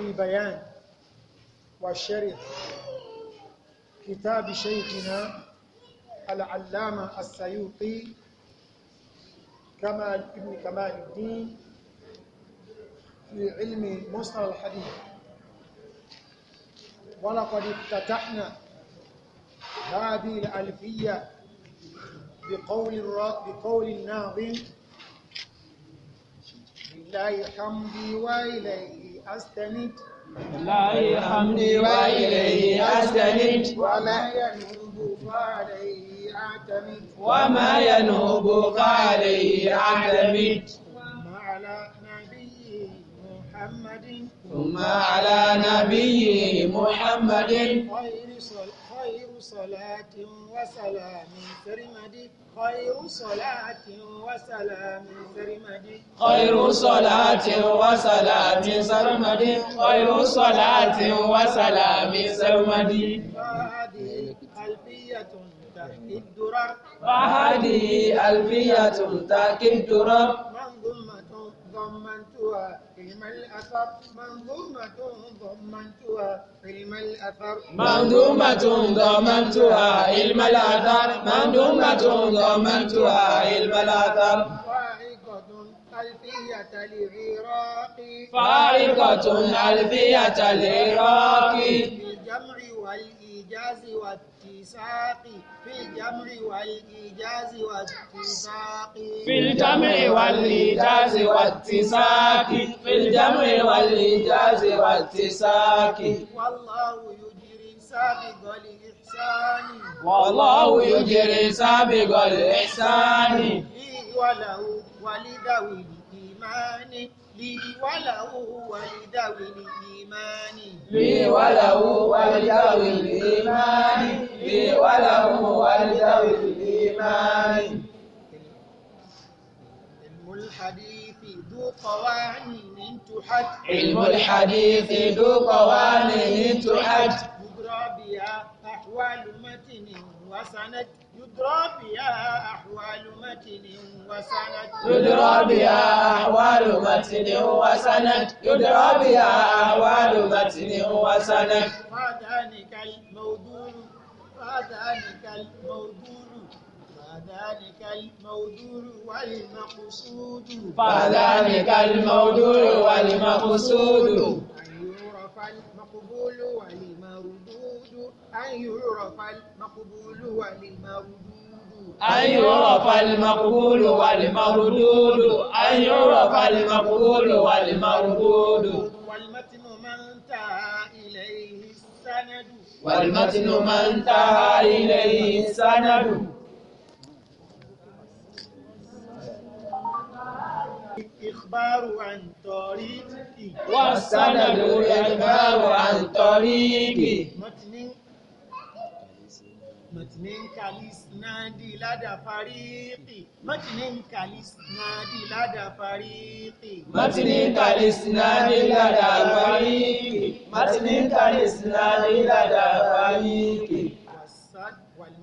في بيان وشرح كتاب شيخنا العلامة السيوطي كمال ابن كمال الدين في علم مصطلح الحديث ولقد افتتحنا هذه الألفية بقول بقول الناظم لله حمدي وإليه أستند لله الحمد وإليه أستند وما ينوب فعليه أعتمد وما فعليه أعتمد ثم على نبيه محمد ثم على نبيه محمد صلاة صلاة وسلام سرمدي خير صلاة وسلام سرمدي خير صلاة وسلام سرمدي خير صلاة وسلام سرمدي وهذه ألفية تحكي الدرر وهذه ألفية تحكي الدرر منظومة ضمنتها علم منظومة ضمنتها علم الأثر منظومة ضمنتها علم الأثر منظومة ضمنتها علم الأثر ألفية لعراقي فارقة ألفية لعراقي بالجمع والإناث الإيجاز والتساق في الجمع والإيجاز والتساق في الجمع والإيجاز والتساق في الجمع والإيجاز والتساق والله يجري سابق الإحسان والله يجري سابق الإحسان لي وله ولذوي الإيمان لي وله ولذوي الإيمان لي وله ولذوي الإيمان لي وله ولذوي الإيمان علم الحديث ذو قوانين تحد علم الحديث ذو قوانين تحد يدرى بها أحوال متن وسند يدرى بها أحوال متن وسند يدرى بها أحوال متن وسند يدرى بها أحوال متن وسند وذلك الموضوع وذلك الموضوع فذلك الموضوع والمقصود فذلك الموضوع والمقصود أن يعرف المقبول والمردود أن يعرف المقبول والمردود أن يعرف المقبول والمردود أن يعرف المقبول والمردود والمتن ما انتهى إليه السند والمتن ما انتهى إليه السند الإخبار عن طريقه والسند الإخبار عن طريقه متن mọ̀tìnínkà lísnáàdì ládàá fáríkì mọ̀tìnínkà lísnáàdì ládàá fáríkì. mọ̀tìnínkà lísnáàdì ládàá fáríkì mọ̀tìnínkà lísnáàdì ládàá fáríkì.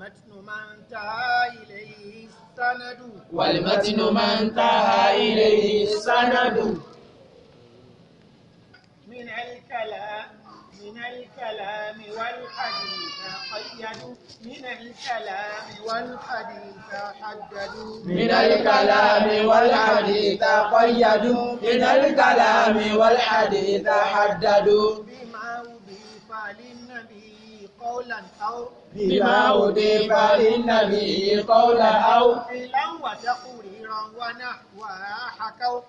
والمتن ما انتهى إليه السند والمتن ما انتهى إليه السند من الكلام من الكلام والحديث قيدوا من الكلام والحديث حددوا من الكلام والحديث قيدوا من الكلام والحديث حددوا بما أضيف للنبي قولا أو بما أضيف فإن قولا أو فعلا وتقريرا ونحوها حكوا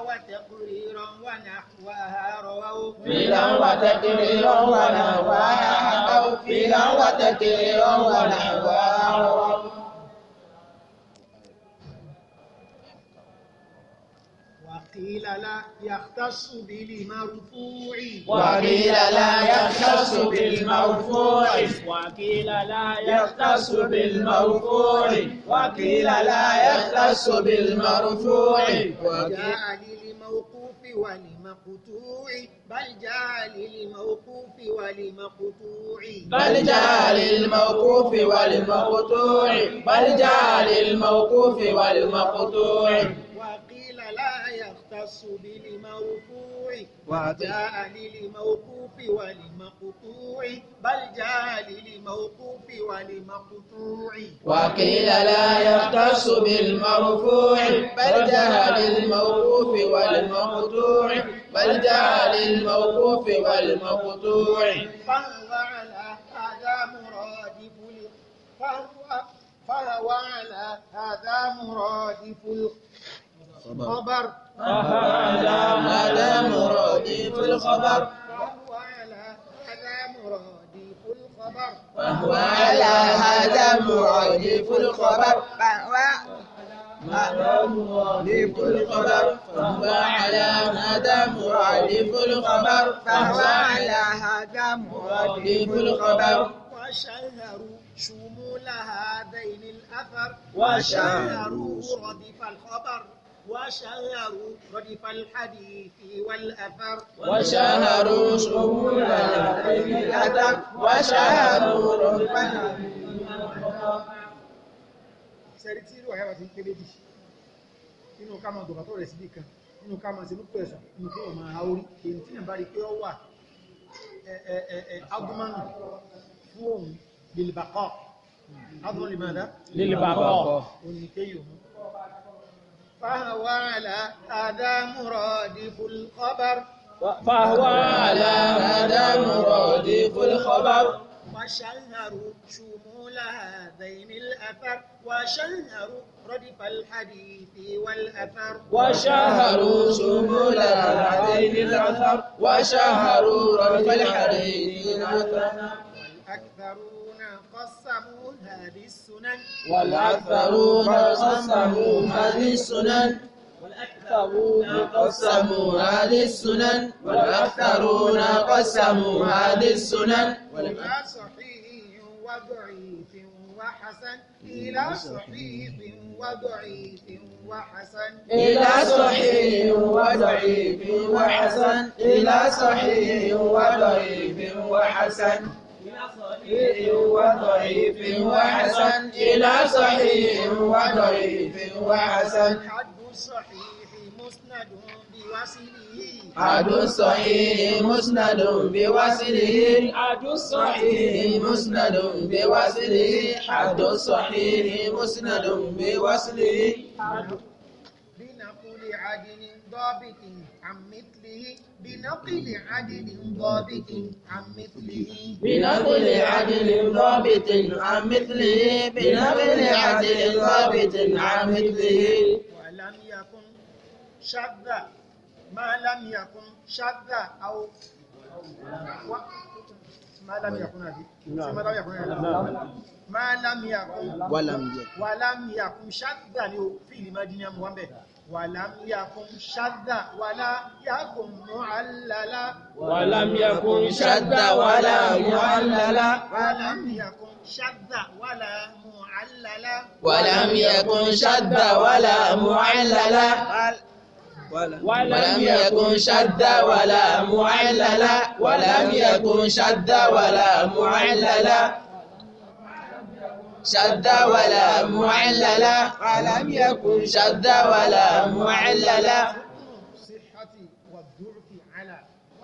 وتقريرا ونحوها رووا وتقريرا ونحوها حكوا وتقريرا ونحوها وقيل لا يختص بالمرفوع وقيل لا يختص بالمرفوع وقيل لا يختص بالمرفوع وقيل لا يختص بالمرفوع وجاء للموقوف ولمقطوع بل جاء للموقوف ولمقطوع بل جاء للموقوف ولمقطوع بل جاء للموقوف ولمقطوع الخاص بالمرفوع وجاء للموقوف ولمقطوع بل جاء للموقوف ولمقطوع وقيل لا يختص بالمرفوع بل جاء للموقوف والمقطوع بل جاء للموقوف والمقطوع هذا مرادف فهو على هذا مرادف الخبر فهذا على مرادي في الخبر فهو على هذا مرادف الخبر فهو هذا مرادف الخبر فهو على هذا مرادف الخبر فهو على هذا مرادف الخبر وشهروا شمول هذين الأثر وشهروا ردف الخبر وشهروا ردف الحديث والأثر وشهروا سبل الأثر وشهروا ردف sẹ́rí tí irú àyàwó ti ń kéré jù nínú ká máa gbọ̀gbà tó rẹ̀ síbì kan nínú ká máa ṣe lókè ẹ̀sùn nínú kí wọ́n máa orí èyí tí yẹn rí pé ó wà agumanu fún òun lilibakọ́ فهو على هذا مرادف الخبر فهو على هذا مرادف الخبر وشهر شمول هذين الأثر وشهر ردف الحديث والأثر وشهر شمول هذين الأثر وشهر ردف الحديث والأثر والأكثرون قسموا والأكثرون السنن والأكثرون والأكثرون هذه السنن والأكثرون قسموا هذه السنن صحيح وضعيف وحسن إلى صحيح وضعيف وحسن إلى صحيح وضعيف وحسن إلى صحيح وضعيف وحسن صحيح وضعيف وحسن إلى صحيح وضعيف وحسن حد الصحيح مسند بوصله حد الصحيح مسند بوصله حد الصحيح مسند بوصله حد الصحيح مسند بوصله بنقول عدل ضابط عن مثله بنقل عدل ضابط عن مثله بنقل عدل ضابط عن مثله عدل ضابط عن مثله ولم يكن شذ ما لم يكن شذ أو ما لم يكن هذه ما لم يكن ما لم يكن ولم يكن ولم يكن شذا في المدينة مهمة ولم يكن شذا ولا يكن معللا ولم يكن شذا ولا معللا ولم يكن شذا ولا معللا ولم يكن شذا ولا معللا ولم يكن شذا ولا معللا ولم يكن شذا ولا معللا شد ولا معللا ألم يكن شد ولا معللا بالصحة والضعف على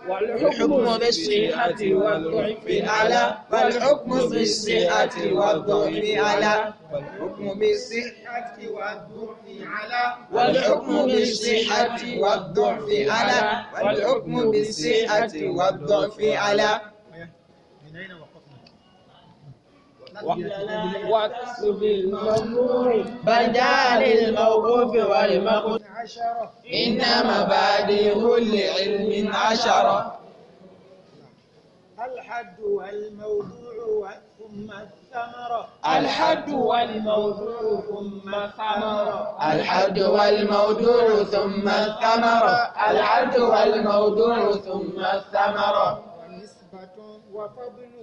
والحكم بالصحة والضعف على والحكم بالصحة والضعف على والحكم بالصحة والضعف على والحكم بالصحة والضعف على والحكم بالصحة والضعف على وقف بالمظلوم بدال الموقوف والمقصود عشرة إن مبادئ كل علم عشرة الحد والموضوع ثم الثمرة الحد والموضوع ثم الثمرة الحد والموضوع ثم الثمرة الحد والموضوع ثم الثمرة ونسبة وفضل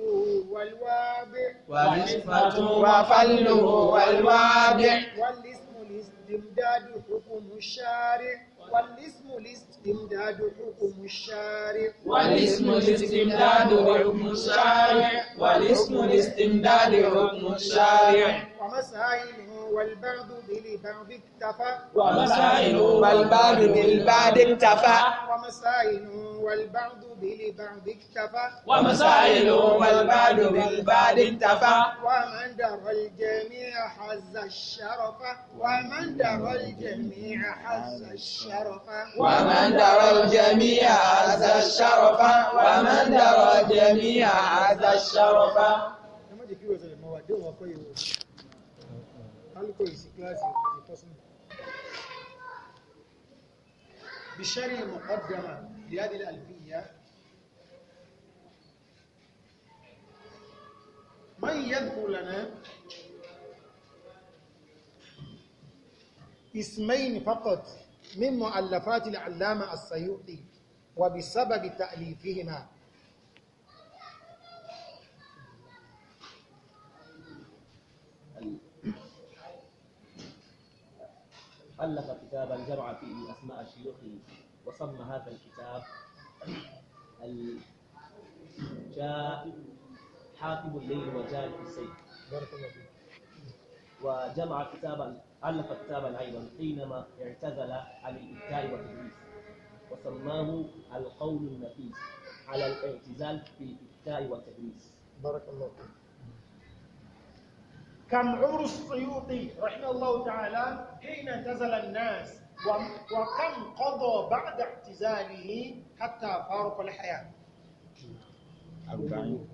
والوابع والنسبة وفله والوابع والاسم الاستمداد حكم الشارع والاسم الاستمداد حكم الشارع والاسم الاستمداد حكم الشارع والاسم الاستمداد حكم الشارع والبعض بالبعد اكتفى ومسائل والبعد بالبعد اكتفى ومسائل والبعد بالبعد اكتفى ومسائل والبعد بالبعد اكتفى ومن درى الجميع حز الشرف ومن درى الجميع حز الشرف ومن درى الجميع حز الشرف ومن درى الجميع حز الشرف algo الريسيكلاج مقدمة لهذه الألفية من يذكر لنا اسمين فقط من مؤلفات العلامة السيوطي وبسبب تأليفهما ألف كتابا جمع فيه أسماء شيوخه وسمى هذا الكتاب الجاء حاكم الليل في السيف بارك الله فيك وجمع كتابا ألف كتابا أيضا حينما اعتزل عن الإبداع والتدريس وسماه القول النفيس على الاعتزال في الإبداع والتدريس بارك الله فيك كم عمر السيوطي رحمه الله تعالى حين اعتزل الناس وكم قضى بعد اعتزاله حتى فارق الحياة أربعين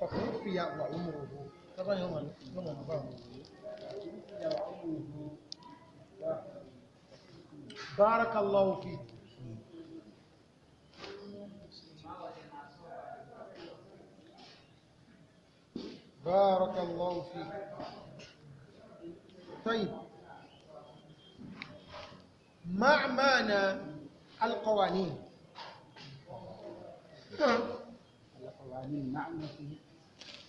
وخفي وعمره طبعا يوم بارك الله فيك بارك الله فيك طيب مع معنى القوانين القوانين معنى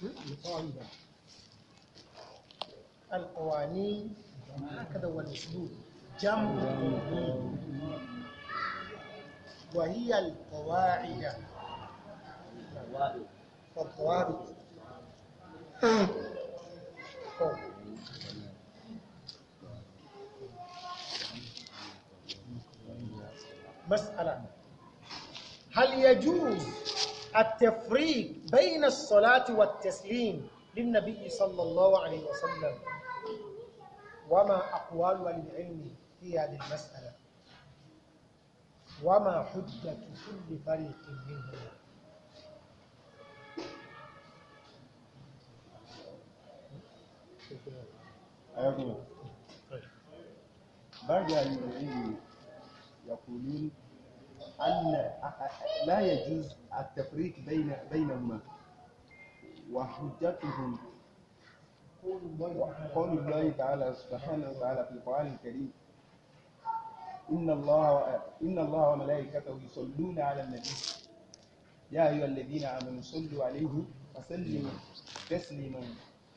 القوانين القوانين هكذا هو الأسلوب جمع وهي القواعد القواعد مسألة هل يجوز التفريق بين الصلاة والتسليم للنبي صلى الله عليه وسلم وما أقوال العلم في هذه المسألة وما حجة كل فريق منهما برجع للعلم يقولون أن لا يجوز التفريق بين بينهما وحجتهم قول الله تعالى سبحانه وتعالى في القرآن الكريم إن الله إن الله وملائكته يصلون على النبي يا أيها الذين آمنوا صلوا عليه وسلموا تسليما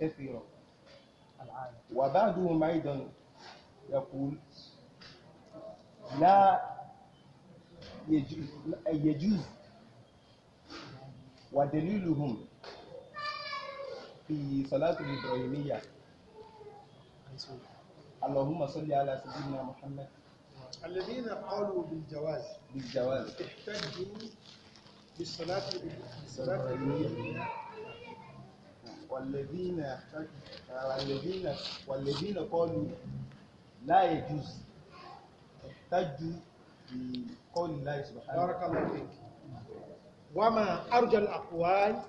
كثيرا وبعدهم أيضا يقول لا يجوز ودليلهم في صلاة الإبراهيمية اللهم صل على سيدنا محمد الذين قالوا بالجواز بالجواز احتجوا بالصلاة الإبراهيمية والذين والذين والذين قالوا لا يجوز احتجوا بقول الله سبحانه بارك الله فيك وما أرجى الأقوال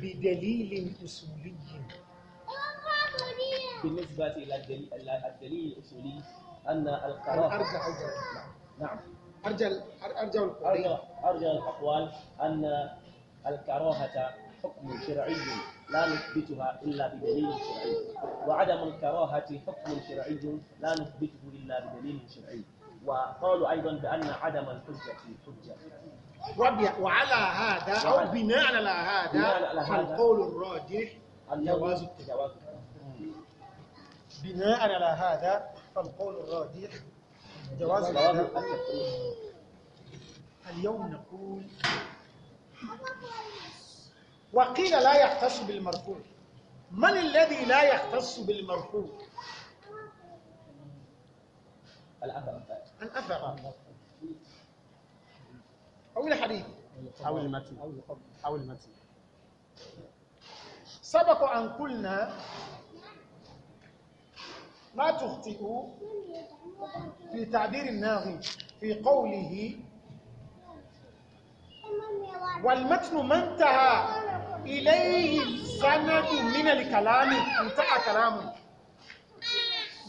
بدليل أصولي بالنسبة إلى الدليل الأصولي أن القرار أرجع نعم أرجع أرجع أرجع أرجع الأقوال أن الكراهة حكم شرعي لا نثبتها إلا بدليل شرعي وعدم الكراهة حكم شرعي لا نثبته إلا بدليل شرعي وقالوا أيضا بأن عدم الحجة حجة وعلى هذا أو بناء على هذا فالقول الراجح جواز التجاوز بناء على هذا فالقول الراجح جواز اليوم نقول وقيل لا يختص بالمرفوع من الذي لا يختص بالمرفوع الأثر الأثر أو حديث أو المتن أو المتن سبق أن قلنا ما تخطئ في تعبير الناغي في قوله والمتن ما انتهى إليه السند من الكلام انتهى كلامه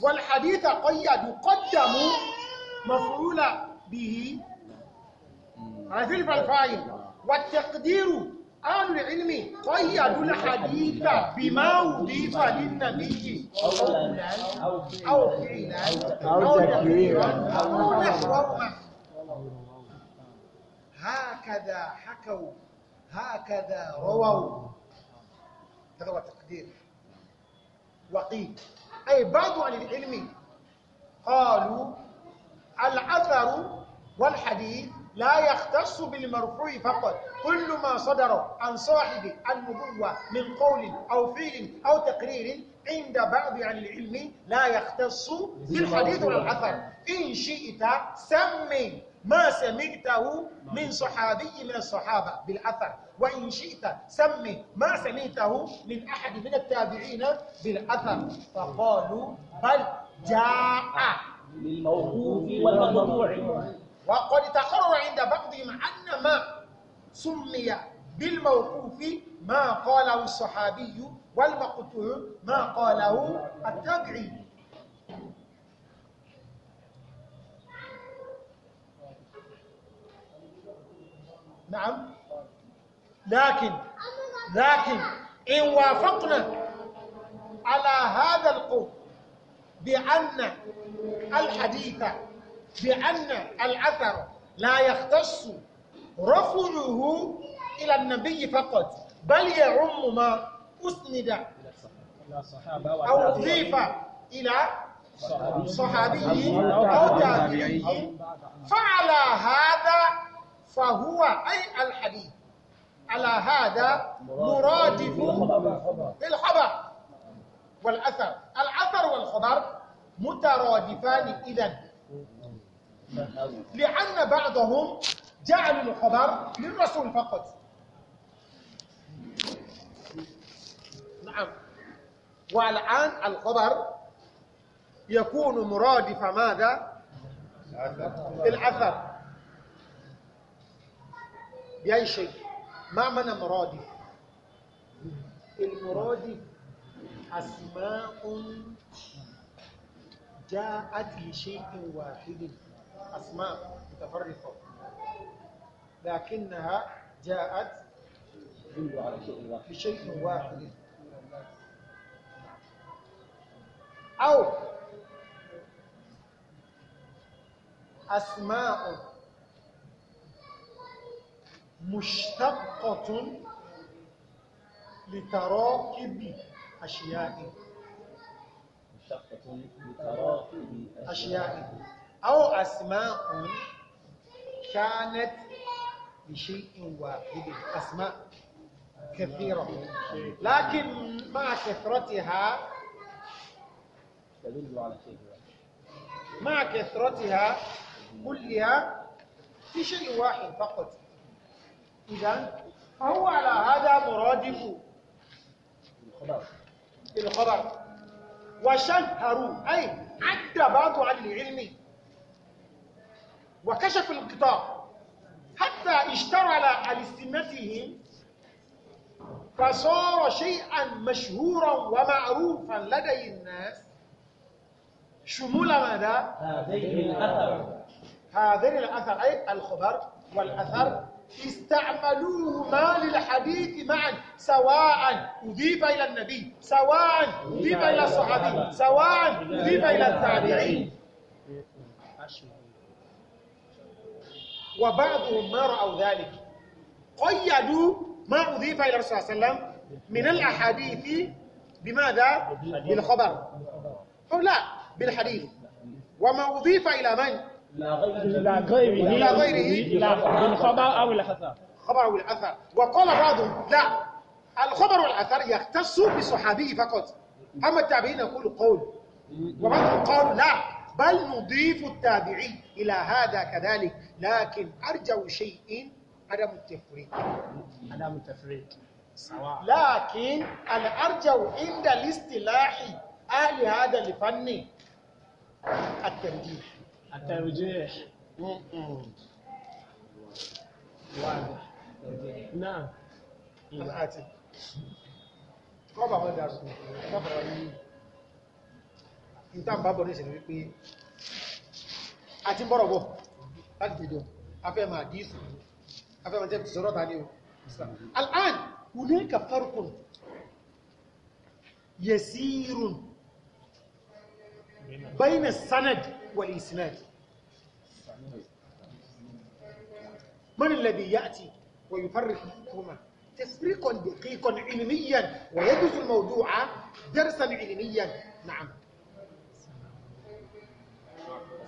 والحديث قيد يقدم مفعول به في الفلفاين والتقدير أهل العلم قيدوا الحديث بما أضيف للنبي قولا أو فعلا أو تكريرا أو هكذا حكوا هكذا رووا هذا هو التقدير وقيل أي بعض عن العلم قالوا الأثر والحديث لا يختص بالمرفوع فقط كل ما صدر عن صاحب النبوة من قول أو فعل أو تقرير عند بعض عن العلم لا يختص بالحديث والأثر إن شئت سمي ما سمعته من صحابي من الصحابة بالأثر وإن شئت سمي ما سمعته من أحد من التابعين بالأثر فقالوا بل جاء للموقوف والمقطوع وقد تقرر عند بعضهم أن ما سمي بالموقوف ما قاله الصحابي والمقطوع ما قاله التابعي نعم لكن لكن إن وافقنا على هذا القول بأن الحديث بأن الأثر لا يختص رفعه إلى النبي فقط بل يعم ما أسند أو أضيف إلى صحابي أو تابعي فعلى هذا فهو أي الحديث على هذا مرادف للخبر والأثر الأثر والخبر مترادفان إذا لأن بعضهم جعلوا الخبر للرسول فقط نعم والآن الخبر يكون مرادف ماذا الأثر بأي شيء ما معنى مرادف المرادف أسماء جاءت لشيء واحد أسماء متفرقة لكنها جاءت بشيء واحد أو أسماء مشتقة لتراكب أشياء مشتقة لتراكب أشياء أو أسماء كانت لشيء واحد أسماء كثيرة لكن مع كثرتها تدل على شيء مع كثرتها كلها في شيء واحد فقط إذا فهو على هذا مرادف الخبر الخبر وشهروا أي عد بعض عن العلم وكشف القطاع حتى اشتعل استمته فصار شيئا مشهورا ومعروفا لدي الناس شمول ماذا؟ هذين الأثر هذين الأثر أي الخبر والأثر استعملوهما للحديث معا سواء أضيف إلى النبي سواء أضيف إلى الصحابي سواء أضيف إلى التابعين وبعضهم ما رأوا ذلك قيدوا ما أضيف إلى الرسول صلى الله عليه وسلم من الأحاديث بماذا؟ بالخبر أو لا بالحديث وما أضيف إلى من؟ إلى غيره إلى غيره بالخبر أو الأثر خبر أو الأثر وقال بعضهم لا الخبر والأثر يختص بصحابيه فقط أما التابعين يقولوا قول وبعضهم قالوا لا بل نضيف التابعي إلى هذا كذلك لكن أرجو شيء عدم التفريق عدم التفريق سواء لكن الأرجو عند الاصطلاح أهل هذا الفن الترجيح الترجيح واضح نعم الآتي kọ́ bàbá dàrú lọ́pàá ní ìtàǹbàbọ̀ ní ìṣẹ̀lẹ̀ wípé a ti ń bọ́rọ̀ bọ̀ هذا الفيديو أفهم حديث أفهم أنت زرعة ثانية الآن هناك فرق يسير بين السند والإسناد من الذي يأتي ويفرق بينهما تفريق دقيق علميا ويدرس الموضوع درسا علميا نعم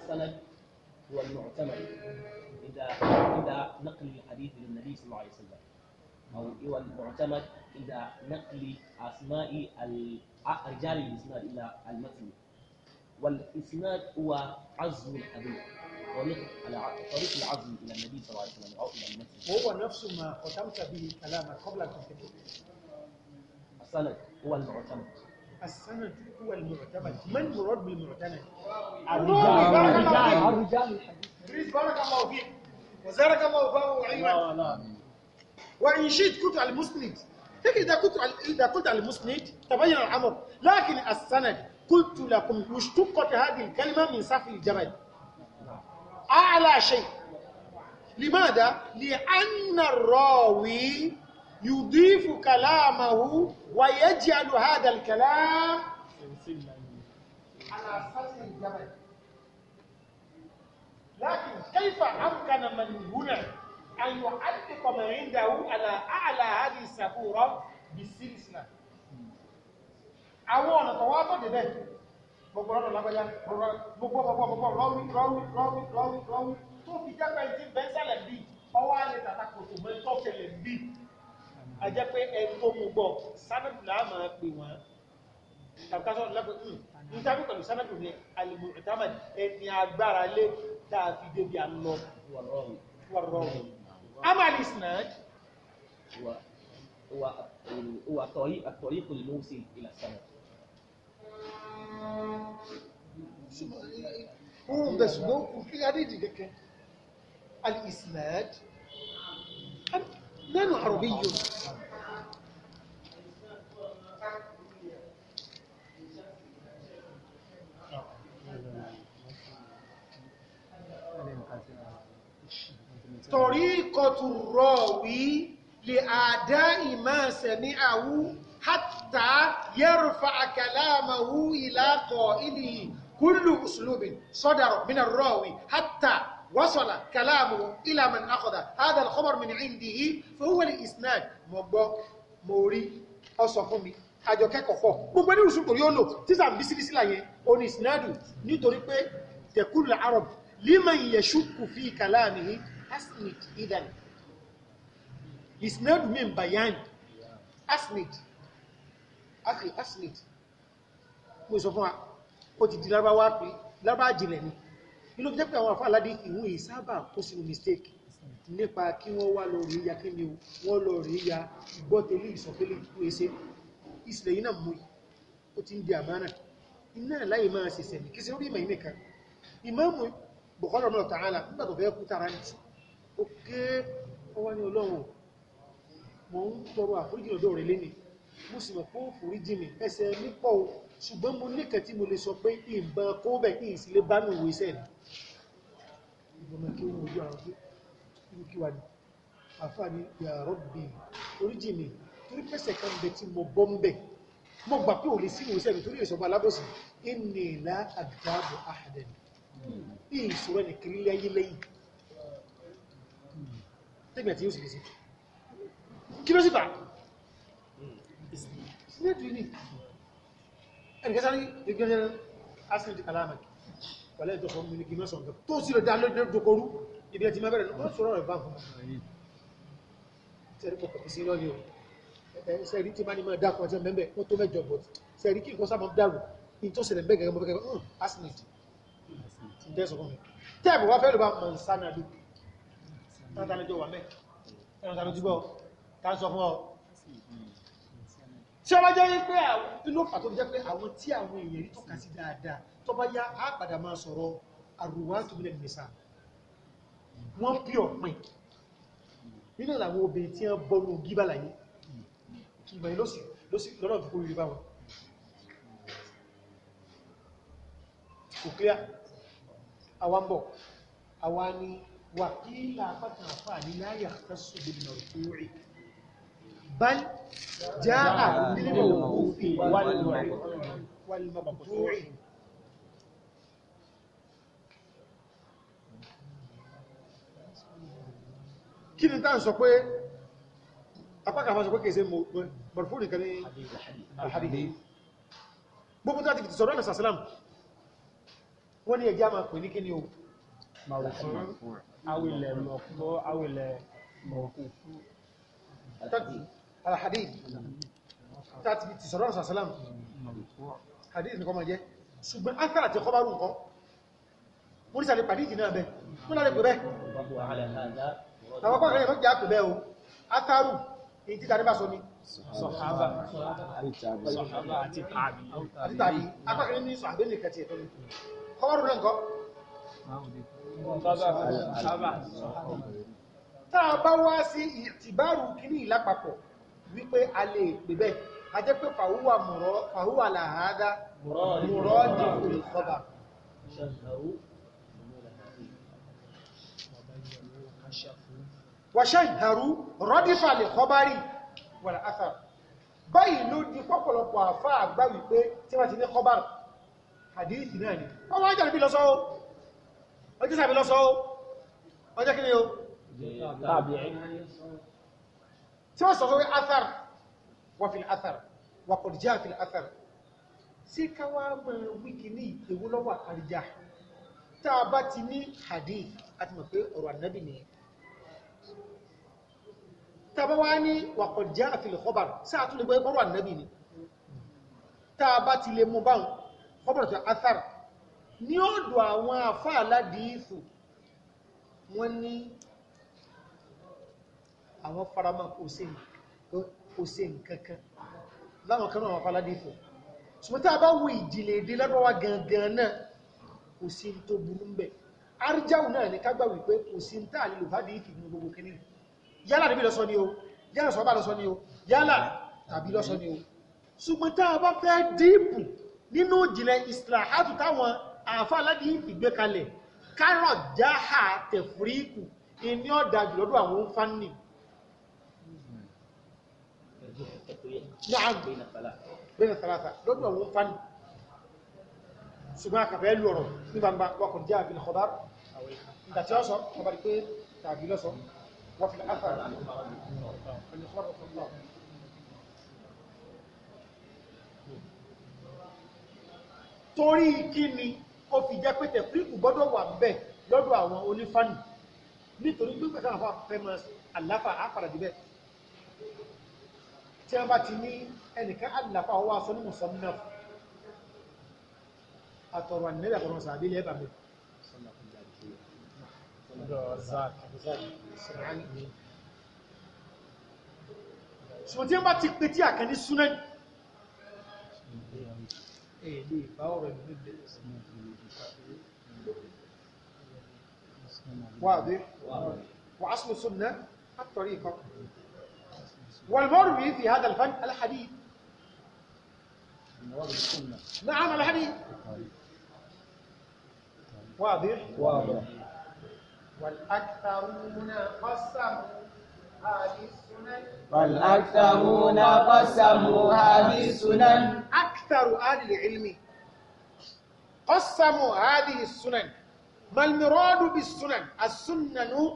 السند هو المعتمد إذا إذا نقل الحديث للنبي صلى الله عليه وسلم أو هو المعتمد إذا نقل أسماء رجال الإسناد إلى المتن والإسناد هو عزم الحديث طريق طريق العزم إلى النبي صلى الله عليه وسلم أو إلى المتن هو نفس ما ختمت به كلامك قبل أن تنتهي السند هو المعتمد السند هو المعتمد من مراد بالمعتمد؟ الرجال الرجال الحديث بارك الله فيك وزارك الله فيك وان شئت كنت على المسند لكن اذا كنت اذا قلت على المسند تبين الامر لكن السند قلت لكم اشتقت هذه الكلمه من سفل الجبل اعلى شيء لماذا؟ لان الراوي يضيف كلامه ويجعل هذا الكلام على سطح الجبل لكن كيف أمكن من هنا أن يعلق ما عنده على أعلى هذه السفورة بالسلسلة àwọn ọ̀nà tọwọ́ gbogbo ọ̀nà a jẹ́ pé ẹni tó mú gbọ́ sanadu là á máa pè wọ́n tàbí ká sọ̀rọ̀ lápẹ́ ń tàbí pẹ̀lú sanadu ní alimu ìtàmà ẹni agbára lé tá débi àlọ́ wọ̀rọ̀rùn هو الطريق الطريق الموصل الى السند هو بس مو في عديد كان من عربي طريقة الراوي لأعداء ما سمعه حتى يرفع كلامه إلى قائله كل أسلوب صدر من الراوي حتى وصل كلامه إلى من أخذ هذا الخبر من عنده فهو الإسناد مبو موري أصفمي àjọ kẹ́kọ̀ọ́kọ́ gbogbo ní ìrùsùn torí ó lò títà bí sílí sílá yẹn ó ní ìsinádù nítorí pé tẹ̀kùlù arab liman yashukku fi kalamihi asnid idan ìsinádù min bayan asnid akhi asnid mo sọ fún wa ó ti di lábáwá pé lábá jìnlẹ̀ ni nínú jẹ́ pé àwọn àfáàládé ìwọ̀n ìsábà kó sínú mistake nípa kí wọ́n wá lọ rí ya kí ni wọ́n lọ rí ya gbọ́tẹ̀lé ìsọ̀fẹ́lẹ̀ e tó ẹsẹ́ ìsìlẹ̀ yìí náà mú ó ti ń di àmánà iná láyé máa ṣẹ̀ṣẹ̀ ní kí sí orí ìmọ̀ nìkan ìmáàmù bọ̀kọ́lọ̀ náà tààlà nígbà tó fẹ́ kú tara ní ó ké ọwá ní ọlọ́run mọ̀ ń tọrọ àforíjì lọ́dọ̀ rẹ̀ lénìí mo sì mọ̀ pé ó foríjì mi ẹsẹ̀ mi pọ̀ ṣùgbọ́n mo níkan tí mo lè sọ pé ìbọn kó bẹ̀ kí ìsílé bá nù ìwé sẹ́ẹ̀ ìbọn mọ̀ kí wọ́n ojú àwọn pé irú kí wà ní àfáà ní ya Rabbi oríjì mi torí pẹ́sẹ̀ kan bẹ tí mo bọ́ ń bẹ̀ mo gbà pé ò lè sínú ìwé torí ìṣọba alábòsí inni la àdáàbò ahadan bí ìṣòro ẹni kiri lẹ́yìn lẹ́yìn tẹ́gbẹ̀ àti yóò sì lè sí kí ló sì fà ẹnìkẹsàn ìgbẹ̀rẹ̀ asìlẹ̀ kalamak wàlẹ̀ ìjọkọ̀ mìnìkì mẹ́sàn gẹ̀ tó sí lọ́dá lọ́dọ̀kọrú ibi ẹ̀tì mẹ́bẹ̀rẹ̀ lọ́wọ́ sọ́rọ̀ rẹ̀ bá fún ṣẹ̀rí pọ̀pọ̀ sí lọ́lẹ̀ ṣẹ̀rí tí máa ní máa dákùn àti mẹ́bẹ̀ ó tó mẹ́jọ bọ̀ ṣẹ̀rí kí nǹkan sábà dàrú ní tó ṣẹlẹ̀ mẹ́gẹ̀ẹ́ mọ́ bẹ́gẹ̀ asìlẹ̀ tẹ́sọ̀ fún mi tẹ́ẹ̀bù wá fẹ́ lọ bá mọ̀ sánàdù tánàjọ wà mẹ́ ẹ̀rọ tánàjọ bọ̀ tánàjọ fún ọ ṣé wọ́n jẹ́ wípé àwọn ló fà tó fi jẹ́ pé àwọn tí àwọn èèyàn rí tọ́ka sí dáadáa tó bá yá á padà máa sọ̀rọ̀ àrùwá tó bílẹ̀ nìsà wọ́n pí ọ̀pìn nínú àwọn obìnrin tí wọ́n bọ́nu gíbà láyé ìgbà yìí lọ́nà tó kórìí bá wọn kò clear àwọn bọ̀ àwọn ni wàkílà pàtàkì àfáà ní láyà tẹ́sùn bí lọ́rọ̀ بل جاء بالموقوف والمقطوع kí ni táà sọ pé apákàmà sọ pé kèèsè mọ̀rùfún nìkan ní àhàdìdì gbogbo tó ti fi sọ̀rọ̀ ẹ̀sà sàlám wọ́n ni ẹjá máa pè ní kí ni o mọ̀rùfún awilẹ̀ mọ̀kú alhadid tàbí ti sọ̀rọ̀ sàṣàlám hadid nìkan máa jẹ́ ṣùgbọ́n átàrà tí kọbárù nǹkan mú ní sàlẹ̀ pàdíkì náà bẹ́ mú lálẹ́ pẹ̀ bẹ́ àwọn kọ́kọ́ rẹ̀ mọ́já pẹ̀ bẹ́ o átàrù èyí títà nípa sọ ni sọ̀hábà àti tàbí akọ́kọ́ ní sọ̀hábẹ́ nìkan ti ẹ̀tọ́ ni wípé a lè pè bẹ́ẹ̀ a jẹ́ pé fàhúwà mọ̀rọ̀ fàhúwà làhádá mọ̀rọ̀ jùlọ ìsọ́bà wàṣáìdàrú rọ́dífà lè kọbárì wàlá asà báyìí ló di pọ́pọ̀lọpọ̀ àfá àgbà wípé tí wọ́n ti ní kọbárì hadithi náà ni wọ́n wá jàrí bí lọ́sọ́ọ́ ọjọ́ sàbí lọ́sọ́ọ́ ọjọ́ kí ni ó tí wọ́n sọ sọ́wọ́ athar wọ́n fi athar wọ́n kò jẹ́ àfi athar sí káwá mọ̀ wíkì ní èwo lọ́wọ́ àríjà tá a bá ti ní hadith àti mọ̀ pé ọ̀rọ̀ ànábì ni tá a bá wá ní wọ́n kò jẹ́ àfi khabar sáà ọ̀rọ̀ ànábì ni tá a bá ti lè mú báwọn khabar tó athar ní ọ̀dọ̀ àwọn afáàládìí ìfò wọ́n ní àwọn faramọ́ kò sí nkankan láwọn kan náà fàládé fò ṣùgbọ́n tá a bá wo ìjìnlẹ̀ èdè lọ́dọ̀wà gangan náà kò sí tó burú bẹ̀ arjáwù náà ní kágbà wípé kò sí tá a lílò fàdé ìfì ní gbogbo kìnnì yálà níbi lọ́sọ ni o yálà sọ́bà lọ́sọ ni o yálà tàbí lọ́sọ ni o ṣùgbọ́n a bá fẹ́ díìpù nínú ìjìnlẹ̀ ìsìláhátù táwọn àáfà aládé ìfì gbé kalẹ̀ kárọ̀ jáhà tẹ̀fúríkù ìní ọ̀dà jùlọ́dọ̀ àwọn fánìí نعم بين الثلاثة بين الثلاثة لو هو فن ṣùgbọ́n àkàfẹ́ lù ọ̀rọ̀ ní gbangba wakọ̀ jẹ́ àbìlì kọbar ìdàtí ọ́sọ̀ kọbar pé tàbí lọ́sọ̀ wọ́n fi àfà torí kí ni ó fi jẹ́ pé tẹ̀fríkù gbọ́dọ̀ wà bẹ̀ lọ́dọ̀ àwọn onífánì nítorí gbígbẹ̀ sáà fẹ́ mọ́ àláfà àpàdàdì bẹ́ẹ̀ tí wọ́n bá ti ní ẹnìkan àlàfà ọwọ́ aṣọ ní musannaf àtọ̀rọ̀ ànìyàn àtọ̀rọ̀ sàbí ilẹ̀ bàbẹ̀ ṣùgbọ́n tí wọ́n bá ti pè tí àkàn ní súnẹ́ èdè ìbáwọ̀rọ̀ ìlú wà bí wà á súnẹ́ àtọ̀rí ìkọkùnrin والمروي في هذا الفن الحديد نعم الحديد واضح واضح والأكثرون قسموا هذه السنن والأكثرون قسموا هذه السنن أكثر أهل العلم قسموا هذه السنن ما المراد بالسنن السنن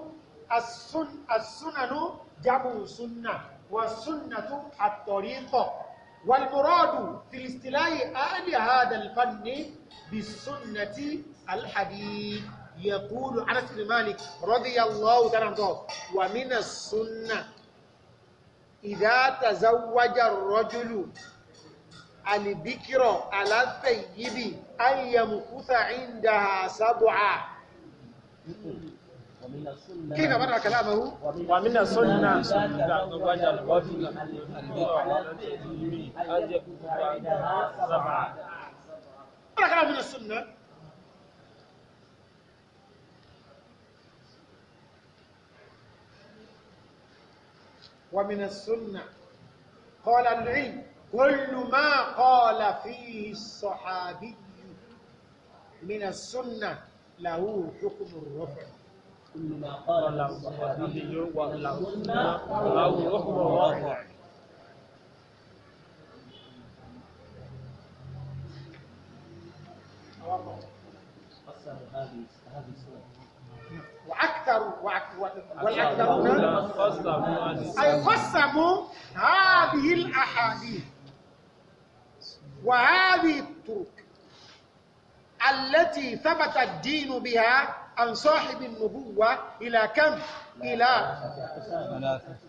السن السنن جمع سنه والسنة الطريقة والمراد في الاستلاء أهل هذا الفن بالسنة الحديث يقول أنس بن مالك رضي الله عنه ومن السنة إذا تزوج الرجل البكر على الثيب أن يمكث عندها سبعة كيف بنى كلامه ومن السنة من السنة ومن السنة قال العلم كل ما قال فيه الصحابي من السنة له حكم الرفع كل ما قال الصحابي والسنة أو حكم واقع واكثر والاكثرون اي قسموا هذه الاحاديث وهذه الطرق التي ثبت الدين بها عن صاحب النبوة إلى كم؟ إلى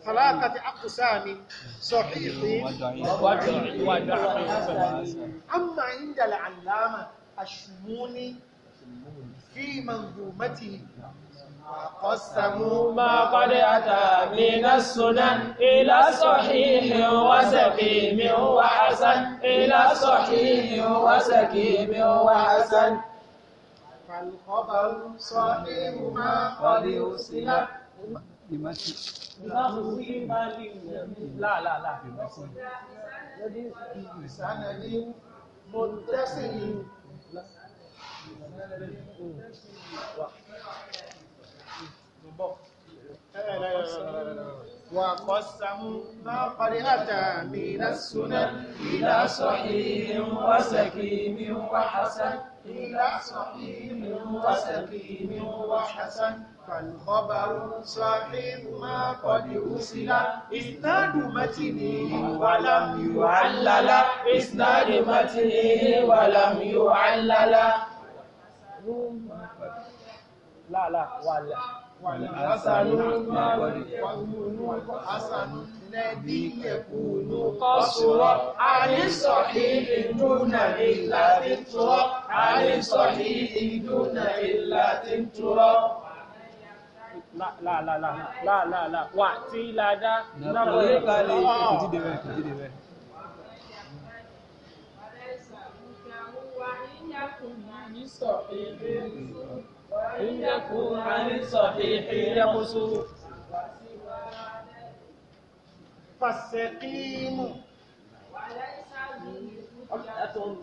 ثلاثة أقسام صحيح أما عند العلامة الشموني في منظومته قسموا ما قد أتى من السنن إلى صحيح وسقيم وحسن إلى صحيح وسقيم وحسن الخبر صحيح ما قد أرسل لا لا لا بسند متصل وقسموا ما قد أتى من السنن إلى صحيح وسكيم وحسن إلى صحيح وسقيم وحسن فالخبر صحيح ما قد أرسل إسناد متنه ولم يعلل إسناد متنه ولم يعلل لا لا ولا والحسن ما قد حسن الذي يكون قصرا عن الصحيح دون إلا ترى عن الصحيح دون إلا ترى لا لا لا لا لا لا لا واتي لا دا نقولك لي وإن يكون عن الصحيح يقصر فاستقيموا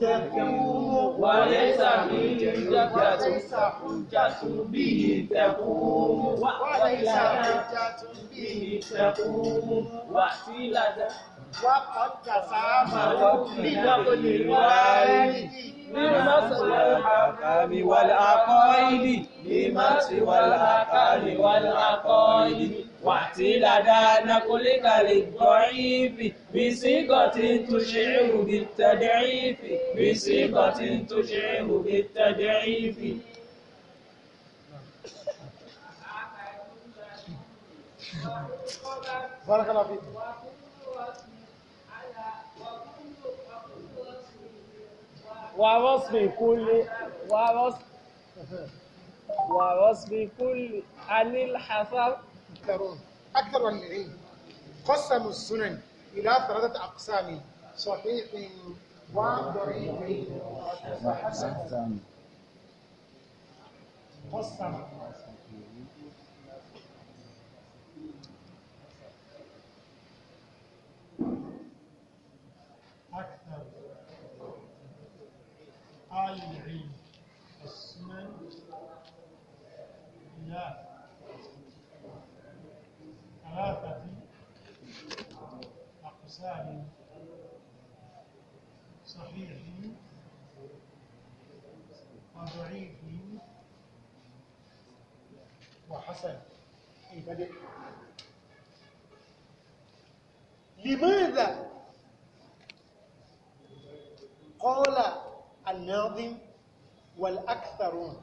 تقوم وليس حجة وليس حجة به تقوم وليس حجة به تقوم وسيلة وقد تسامحوا لقبل الوالد لما سوى الحكام والعقائد لما سوى الحكام والعقائد واعتلادا نقلك للضعيف بصيغة تشعر بالتضعيف بصيغة تشعر بالتضعيف بارك الله فيك ووصف كل ووصف ووصف كل عن الحفر أكثرون أكثر أهل العلم قسموا السنن إلى ثلاثة أقسام صحيح وضعيف وحسن قسم أكثر أهل العلم السنن إلى ثلاثة أقسام صحيح وضعيف وحسن لماذا قال الناظم والأكثرون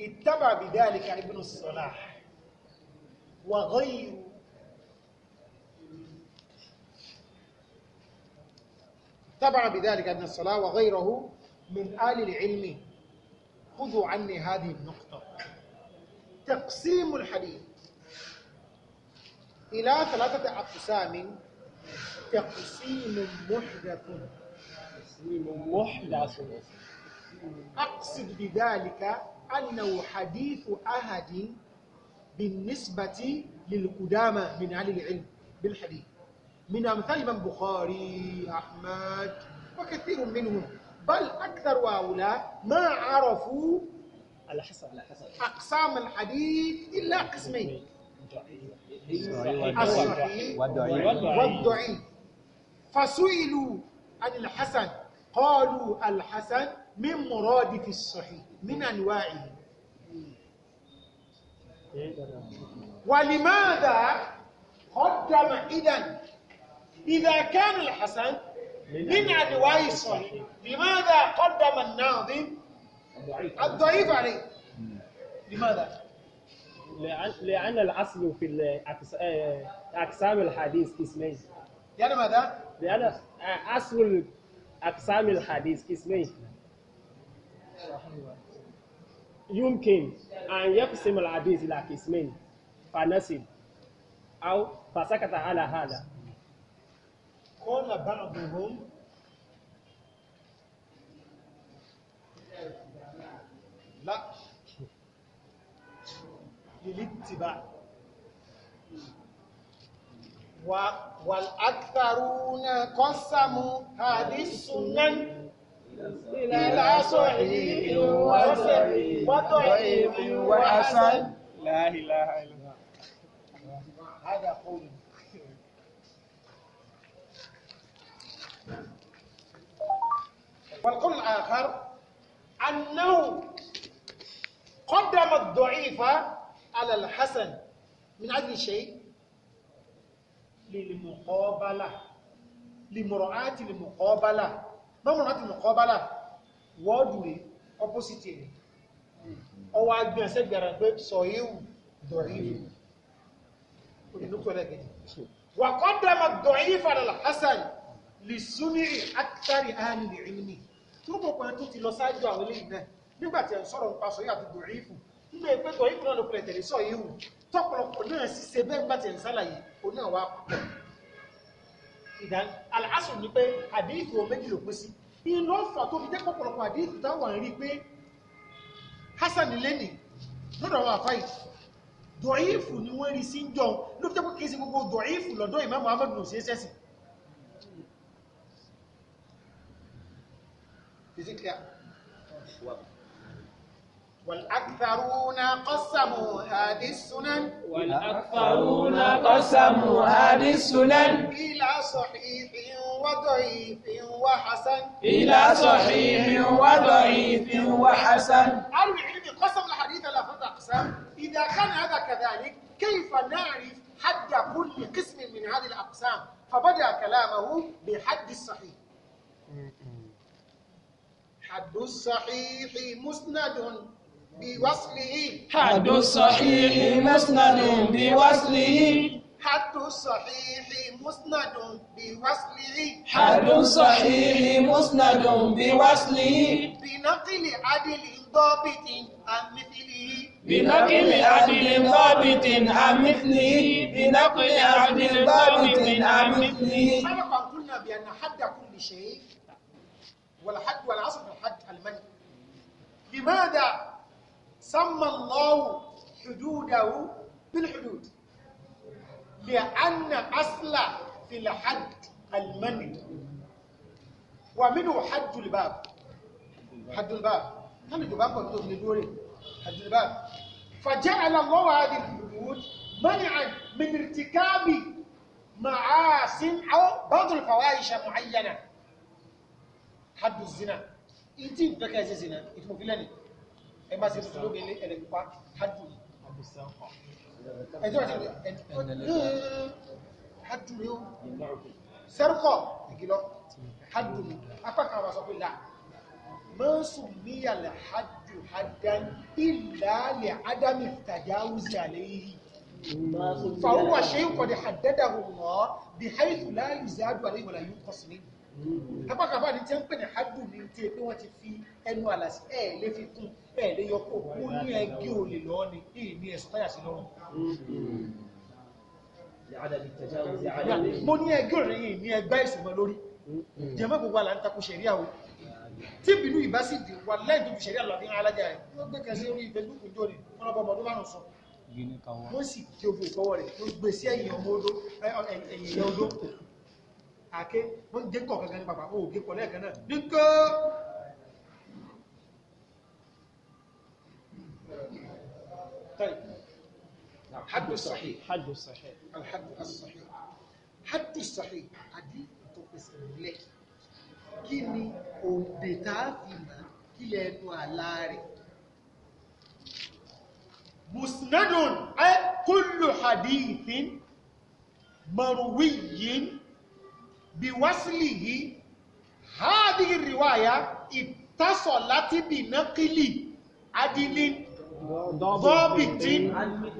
اتبع بذلك ابن الصلاح وغير تبع بذلك أن الصلاة وغيره من آل العلم خذوا عني هذه النقطة تقسيم الحديث إلى ثلاثة أقسام تقسيم محدث تقسيم محدث أقصد بذلك أنه حديث أحد بالنسبة للقدامى من أهل العلم بالحديث من أمثال من بخاري أحمد وكثير منهم بل أكثر هؤلاء ما عرفوا على حسب على حسب أقسام الحديث إلا قسمين الصحيح والضعيف فسئلوا عن الحسن قالوا الحسن من مرادف الصحيح من أنواعه ولماذا قدم إذا إذا كان الحسن من أدواء لماذا قدم الناظم الضعيف عليه لماذا؟ لأن الأصل في آه، أقسام الحديث اسمين يعني ماذا؟ لأن أصل أقسام الحديث اسمين yumkin an yaqsim al-hadith ila qismayn fa nasib aw fa hala ala hada qala ba'dhum la للاتباع والأكثرون قسموا هذه السنن إلى صحيح وطيب وحسن لا إله إلا الله هذا قول والقول الآخر أنه قدم الضعيف على الحسن من أجل شيء للمقابلة لمراعاة المقابلة mọ́mọ̀nà ti mọ̀kọ́ bá láà wọ́ọ̀dù rẹ̀ ọpọ́sìtì rẹ̀ ọwọ́ agbẹ́ ẹ̀sẹ̀ gbẹ̀rẹ̀ pé sọ ewu dọ̀rífù olùdókòlẹ̀ gẹ̀ẹ́ wà kọ́ dàmà dọ̀rífù àdàlà hasan lè súnì àtàrí àhàlì lè rí ní túbọ̀ pẹ̀lú tó ti lọ sáájú àwọn ilé ìná tọ́pọ̀lọpọ̀ náà sì ṣe bẹ́ẹ̀ nígbà tí ń sálàyé òun náà wà pọ̀ ìdá aláṣọ ní pé àdíìtì o méjì ló pín sí inú ọ̀fà tó fi jẹ́ pọ̀pọ̀lọpọ̀ àdíìtì táwọn rí pé Hasan lẹ́nì lọ́dọ̀ àwọn àfáì dọ̀ífù ni wọ́n rí sí jọ ló fi jẹ́ pé kìí sí gbogbo dọ̀ífù lọ́dọ̀ Imam Muhammad nù sí ẹsẹ̀sì Is it clear? والأكثرون قسموا هذه السنن والأكثرون قسموا هذه السنن إلى صحيح وضعيف وحسن إلى صحيح وضعيف وحسن أهل العلم قسم الحديث إلى ثلاثة أقسام إذا كان هذا كذلك كيف نعرف حد كل قسم من هذه الأقسام فبدأ كلامه بحد الصحيح حد الصحيح مسند بوصله حد صحيح مسند بوصله حد الصحيح مسند بوصله حد الصحيح مسند بوصله بنقل عدل ضابط عن مثله بنقل عدل ضابط عن مثله بنقل عدل ضابط عن مثله سبقا قلنا بأن حد كل شيء والحد والعصر الحد المنع لماذا سمى الله حدوده بالحدود لأن أصل في الحد المند ومنه حد الباب حد الباب هل الباب مكتوب لدوري حد الباب فجعل الله هذه الحدود منعا من ارتكاب معاص أو بعض الفواحش معينة حد الزنا إنتي بكازي زنا إنتي مفلاني ẹ bá ṣe tuntun lóge ilé ẹ̀rẹ̀ pupa hadu ẹjọ́ àti hadu ni ó sẹ́rùkọ̀ ìgilọ́ hadu ni apá kan wà sọ pé là mọ́sù níyàlẹ̀ hadu hadan ìlàlẹ̀ adami tajawuzi àléyìí فهو شيء قد حدده الله بحيث لا يزاد عليه ولا ينقص منه apá kan bá ní tí ń pè ní hadu ní tí ebi ti fi ẹnu àlàsí ẹ lè fi kún ẹ̀ẹ́dẹ́ yọkó mú ní ẹgbẹ́ olè lọ́ọ́ ni èyí ní ẹ̀sùn táyà sí lọ́rùn mo ní ẹgbẹ́ òrìn yìí ní ẹgbẹ́ ìsìnmọ̀ lórí jẹmọ́ gbogbo àlà ń takò ṣẹ̀ríà o tí bínú ìbá sì dì wà lẹ́yìn tó fi ṣẹ̀ríà lọ àfihàn alájà ẹ̀ ló gbé kẹsí orí facebook jò ní wọ́n o fòkọwọ́ rẹ̀ ló gbé sí ẹ̀yìn ọmọ odó ẹ̀yìn ọdó àké wọ́n gé kọ̀ kankan ní pàpà ó gé طيب حد صحيح حد صحيح الحد الصحيح حد صحيح àdí tó fẹsẹ̀ rinlẹ̀ kí ni òǹdè tá a fi mọ̀ kí lẹ ẹnu àlá rẹ̀. musnadun ay kullu hadithin marwiyin biwaslihi hadhihi riwaya ittasolati binaqli adilin ضابط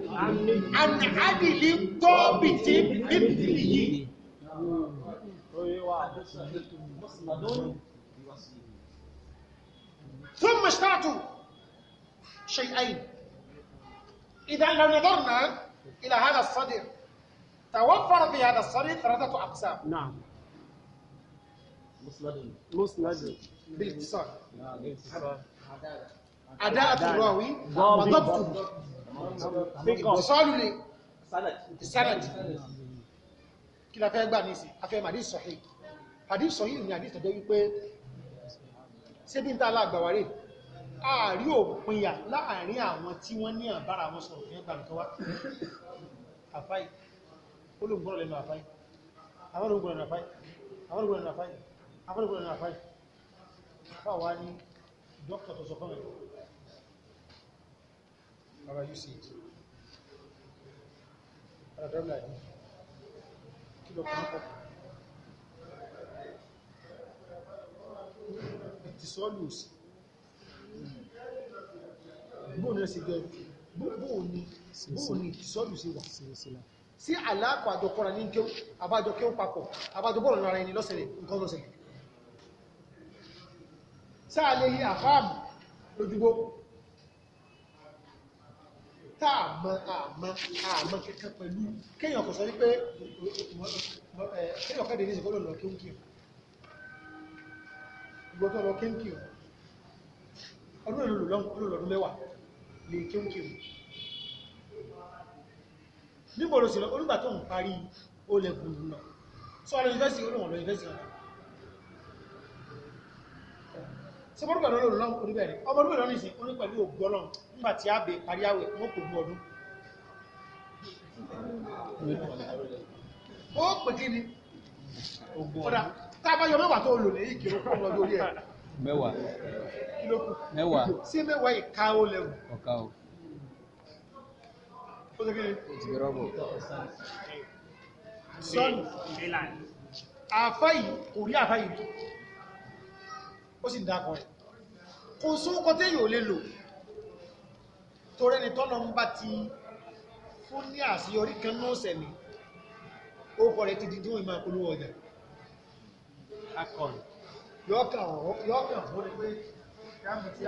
عن عدل ضابط مثله ثم اشترطوا شيئين إذا لو نظرنا إلى هذا الصدر توفر في هذا الصدر ثلاثة أقسام نعم مسند مسند بالاتصال نعم بالاتصال أداء الراوي وضبطه وصالوا لي السند كلا فيها بقى نيسي أفهم حديث صحيح حديث صحيح ni حديث تجوي pé ṣé bí n ta lágbàwárí ààrí òpinya láàrin àwọn tí wọ́n ní àbára wọn sọ̀rọ̀ fún ẹgbàrún tó wá àfáì olùgbọ́n lẹ́nu àfáì àwọn olùgbọ́n lẹ́nu àfáì àwọn olùgbọ́n lẹ́nu àfáì àwọn olùgbọ́n lẹ́nu àfáì àfáà wá ní dókítà tó sọ fún ẹ̀kọ́ Baba, you see it. Baba, don't lie. Kilo kọ̀ọ̀kan. It is all loose. Bóò ni ẹ sì gẹ̀ bóò ni bóò ni it is all loose wà. Sí àlàkọ̀ àjọkọ̀ra ní kéwù, àbájọ kéwù papọ̀, àbájọ bọ́ọ̀lù lára ẹni lọ́sẹ̀lẹ̀, nǹkan lọ́sẹ̀lẹ̀. Sáà lè yí àfáàmù lójúgbó tá a mọ àmọ́ àmọ́ kankan pẹ̀lú kéèyàn kò sọ wípé eh, kéèyàn kẹ́dẹ̀ ní ìsìnkú lọ kéńkì ìgbọ́ tó lọ kéńkì ọdún ìlú lọ́dún mẹ́wàá lè kéńkì nígbòrò sí lọ onígbà tó ń parí ó lẹ́gbùn náà sọ́ọ́lọ́ yunifásitì olóòwò lọ yunifásitì ọ̀dọ́ ṣe mọ́rúkà lọ́lọ́ lọ́wọ́ oníbẹ̀rẹ̀ ọmọ oníbẹ̀rẹ̀ lọ́nà ìsìn oní pẹ̀lú ògbọ́lọ́ nígbà tí a bè parí àwẹ̀ wọ́n kò mú ọdún ó pè kí ni ọ̀dà tá a bá yọ mẹ́wàá tó lò ní ìkìló fún ọmọdé orí ẹ̀ mẹ́wàá mẹ́wàá sí mẹ́wàá ìka ó lẹ́wù ọ̀ka ó ó ṣe kí ni ìtìgbẹ́rọ́bọ̀ sọ́ọ̀nù àfáyì kò rí àfáyì tó ó sì dákọ̀ rẹ̀ kò sókọ téèyàn ò lè lò torí ẹni tọ́lọ́ ń bá ti fún ní àṣeyọrí kan náà sẹ̀mí ó kọ rẹ̀ ti di tí wọ́n máa polówó ọjà akọrin yọkàn yọkàn ó pé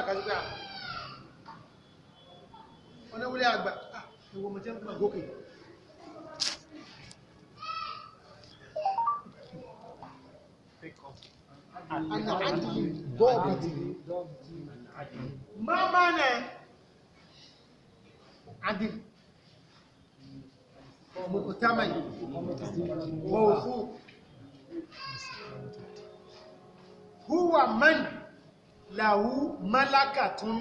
àwọn oníwúlé àgbà ẹwọ ah, mo jẹ́ ń gbọ́n gòkè mama nẹ adi mokutama yi mọ̀ọ́fù huwa man lahu malakatun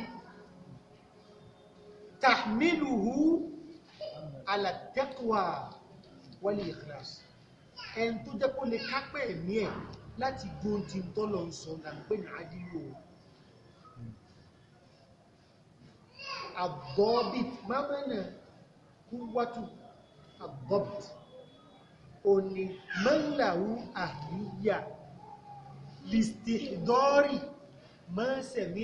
tahmiluhu ala taqwa wal ikhlas ẹni tó jẹ́ kó lè kápẹ́ ẹ̀mí ẹ̀ láti gbóhùn tí ń tọ́lọ ń sọ là ń pè ní adílò àbọ́bìt mámẹ́nà kúwàtú àbọ́bìt òní mẹ́láwú àríyà lìstìdọ́rì mọ́sẹ̀mí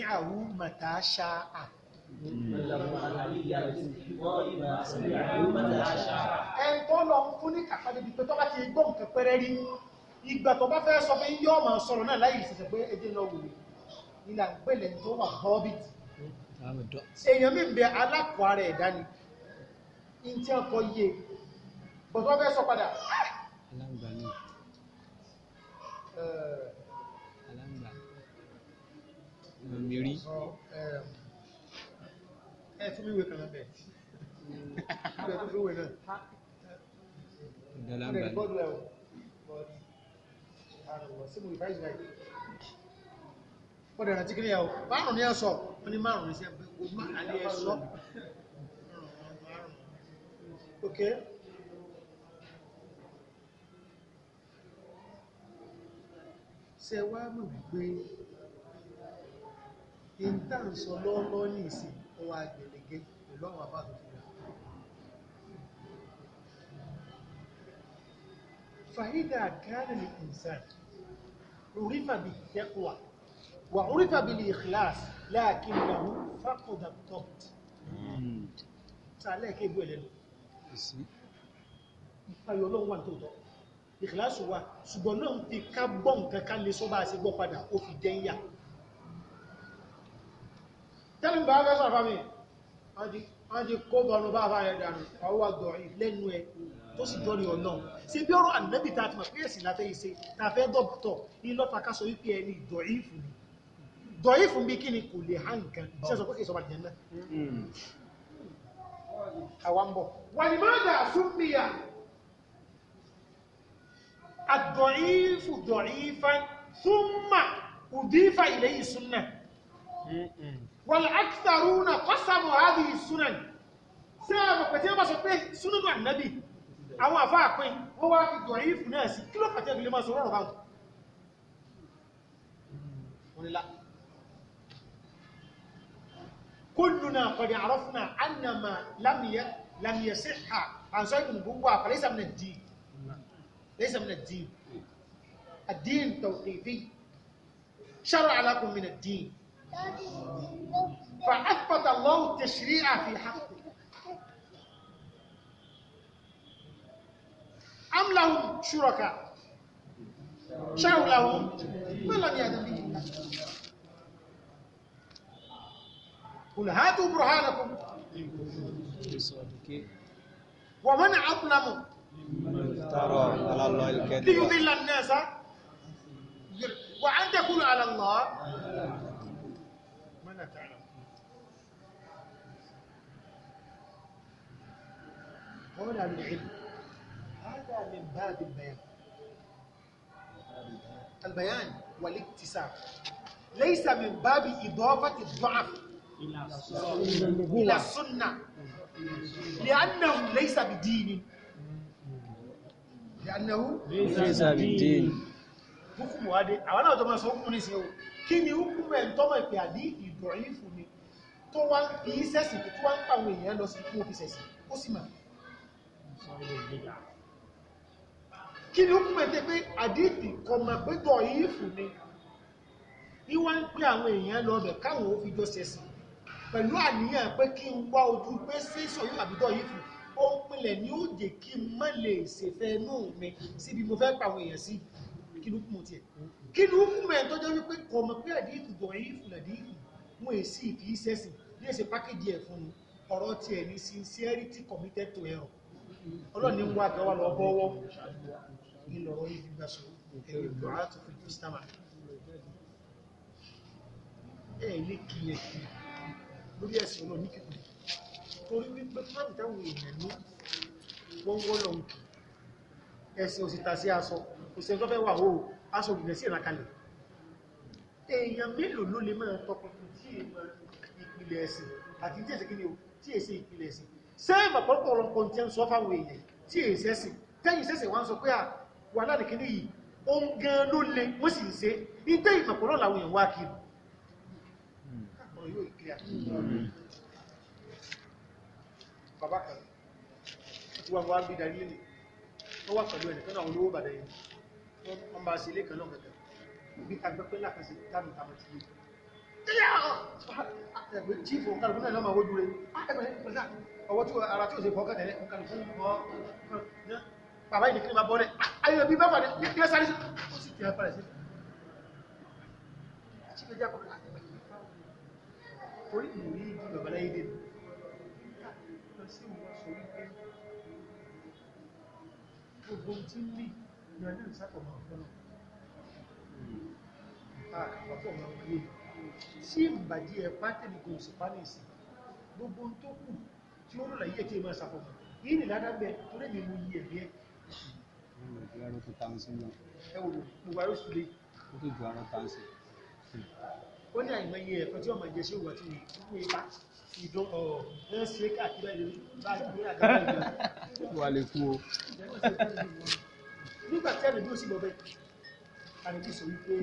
màtàṣà àti ẹ̀ńtọ́ lọ fún ní kàkàdé bí pé tọ́ba ti gbọ́ nǹkan pẹ́rẹ́ rí ìgbà tó bá fẹ́ sọ pé yọ́ máa sọ̀rọ̀ náà láì ṣẹ̀ṣẹ̀ pé èdè lọ wùlé ìlà gbẹ̀lẹ̀ tó wà hobbit èèyàn mi ń bẹ alákọ̀ọ́ ara ẹ̀dá ni in tí ọkọ̀ yé bọ̀tọ́ fẹ́ sọ padà aláǹgbà ni ẹ fún mi wé kan bẹ́ẹ̀ bẹ́ẹ̀ tó fún wé náà. Ìdàlámbà ni. Ó dẹ̀rẹ̀ tí kí ní ẹ̀ o, márùn-ún ní ẹ̀sọ́, ó ní márùn-ún ní sẹ́gbẹ̀, ó máa ní ẹ̀sọ́. Ok. Ṣé wá mọ̀ wípé, ìntànsọ lọ́lọ́ ní ìsìn ó wá gbèlégé pẹ̀lú àwọn àbá tó fún un. fàhídà kánìlì ìsàn عرف بالتقوى وعرف بالإخلاص لكنه فقد الضبط تعالى كيف يقول ìfàyọ̀ ọlọ́run wà tóòtọ́ ìkìláṣù wa ṣùgbọ́n náà fi ká gbọ́n kankan lè sọ́bàá sí gbọ́ padà ó fi jẹ́ ń yà tẹ́lẹ̀ bá fẹ́ sọ̀rọ̀ mi wọ́n ti kó bọnu bá bá yẹ dànù ọwọ́ àgbọ̀ lẹ́nu ẹ tó sì dọ́rí ọ̀nà ṣe bí ọ̀rọ̀ ànábì tá a ti mọ̀ pé èsì láfẹ́ ìṣe tá a fẹ́ dọ̀bùtọ̀ ìlọ́ta ká sọ wípé ẹni dọ̀yí fún mi dọ̀yí fún mi kí ni kò lè hàn nǹkan ṣe sọ pé kì í sọ bàjẹ́ náà àwa ń bọ̀ wọ́n akitaru na kọ́sàmù àbí sunan sí àwọn pẹ̀tẹ́ wọ́n bá sọ pé sunanu ànábì àwọn àfa àpín wọ́n wá fi dọ̀ ìfù náà sí kí ló pàtẹ́ ìbílẹ̀ máa sọ rọrùn báwọn wọ́n nílá كلنا قد عرفنا أن ما لم لم يصح عن صحيح النبوة فليس من الدين ليس من الدين الدين توقيفي شرع لكم من الدين فأثبت الله التشريع في حقه أم لهم شركاء شرعوا لهم من لم يأذن به الله قل هاتوا برهانكم ومن أظلم ليضل الناس وأن تكون على الله قول العلم هذا من باب البيان البيان والاكتساب ليس من باب إضافة الضعف إلى السنة لأنه ليس بدين لأنه ليس بدين حكم هذا أولا أتمنى سوف نسيه kí ni hukumu ẹ̀ tọ́mọ̀ ìpè àdí ìdọ̀rífù ni tó wá kì í sẹ́sì tó wá ń pàwọn èèyàn lọ sí kí ó fi sẹ̀sì ó sì mà kí ni hukumu ẹ̀ tẹ́ pé àdí ìkọmọ̀ pé dọ̀rífù ni ní wá ń pè àwọn èèyàn lọ bẹ̀ káwọn ó fi jọ sẹ̀sì pẹ̀lú àníyàn pé kí n wá ojú pé sẹ́sọ̀ yóò àbí dọ̀rífù ó ń pinlẹ̀ ní ó jẹ́ kí n mọ́ lè ṣèfẹ́ inú mi síbi mo fẹ́ pàwọn èèyàn sí kí ni hukumu tiẹ̀ kú kí ló mú mẹ́ tó jẹ́ wípé kò mọ̀ pé àdíìtù dọ̀ yìí fún àdíìtù mú èsì ìdí sẹ́sìn ní èsì pákéjì ẹ̀ fún ọ̀rọ̀ ti ẹ̀ ní sincerity committed to error ọlọ́run ní wà gẹ́wà lọ bọ́wọ́ ìlọ̀rọ̀ yìí gbígbà sọ ẹ̀rọ ìlú àti fìdí sítámà ẹ̀ ní kíyèsí lórí ẹ̀sìn ọlọ́run ní kíkù torí wípé fúnàbì táwọn èèyàn ní wọ́n wọ́lọ̀ ń kì ẹ̀sìn òsìtà aṣọ òsìtà tó aṣọ ògùnlẹ̀ sí ìrakalẹ̀ èèyàn mélòó ló lè máa tọpinpin tí èèyàn ìpìlẹ̀ ẹ̀sìn àti tí èsì kíni o tí èsì ìpìlẹ̀ ẹ̀sìn sẹ́ẹ̀mà pọ̀lọpọ̀ ọlọ́pọ̀ tí ń sọ fáwọn èèyàn tí èsì ẹ̀sìn tẹ́yìn sẹ́sẹ̀ wá ń sọ pé à wà láti wọ́n wá bí darí ẹni wọ́n wà pẹ̀lú ẹnìkan náà olówó bàdá yìí wọ́n bá ṣe ilé kan lọ́kẹ̀kẹ̀ òbí tàgbẹ́ pé lákàṣẹ tàbí tàbí ti ẹgbẹ́ chief ọ̀kàlùkù náà lọ́mà wójú rẹ̀ ẹgbẹ́ ọwọ́ tí ara tí ó ṣe fọ́kàn tẹ̀lé ọ̀kàlùkù bàbá ìdíkiri ma bọ́rẹ̀ ayọ̀ bí bẹ́fà ní kí ẹ sáré sí ó sì tẹ́ ẹ̀fà rẹ̀ sí àṣíkẹ́ jákọ̀ orí ìwé ìdí bàbá láyé dé lọ sí ìwọ̀n sórí pé gbogbo tí ń rí You are doing sack of Ah, bàbá ọmọ ìwé. Tí ìbàdí ẹ̀ pátẹ́lì kò sì pa ní ìsìn, gbogbo tó kù tí ó rọ̀lá yíẹ̀ kí ẹ máa sàfọ̀mọ̀. Yìí nì ládábẹ̀ tó lè mímú yí ẹ̀rí ẹ̀. Ó ní àìmọye ẹ̀kọ́ tí ọmọ ìjẹ́ sí òwà tí nígbà tí àbẹ̀bí ò sì lọ bẹ́ẹ̀ àbẹ̀bí sọ wípé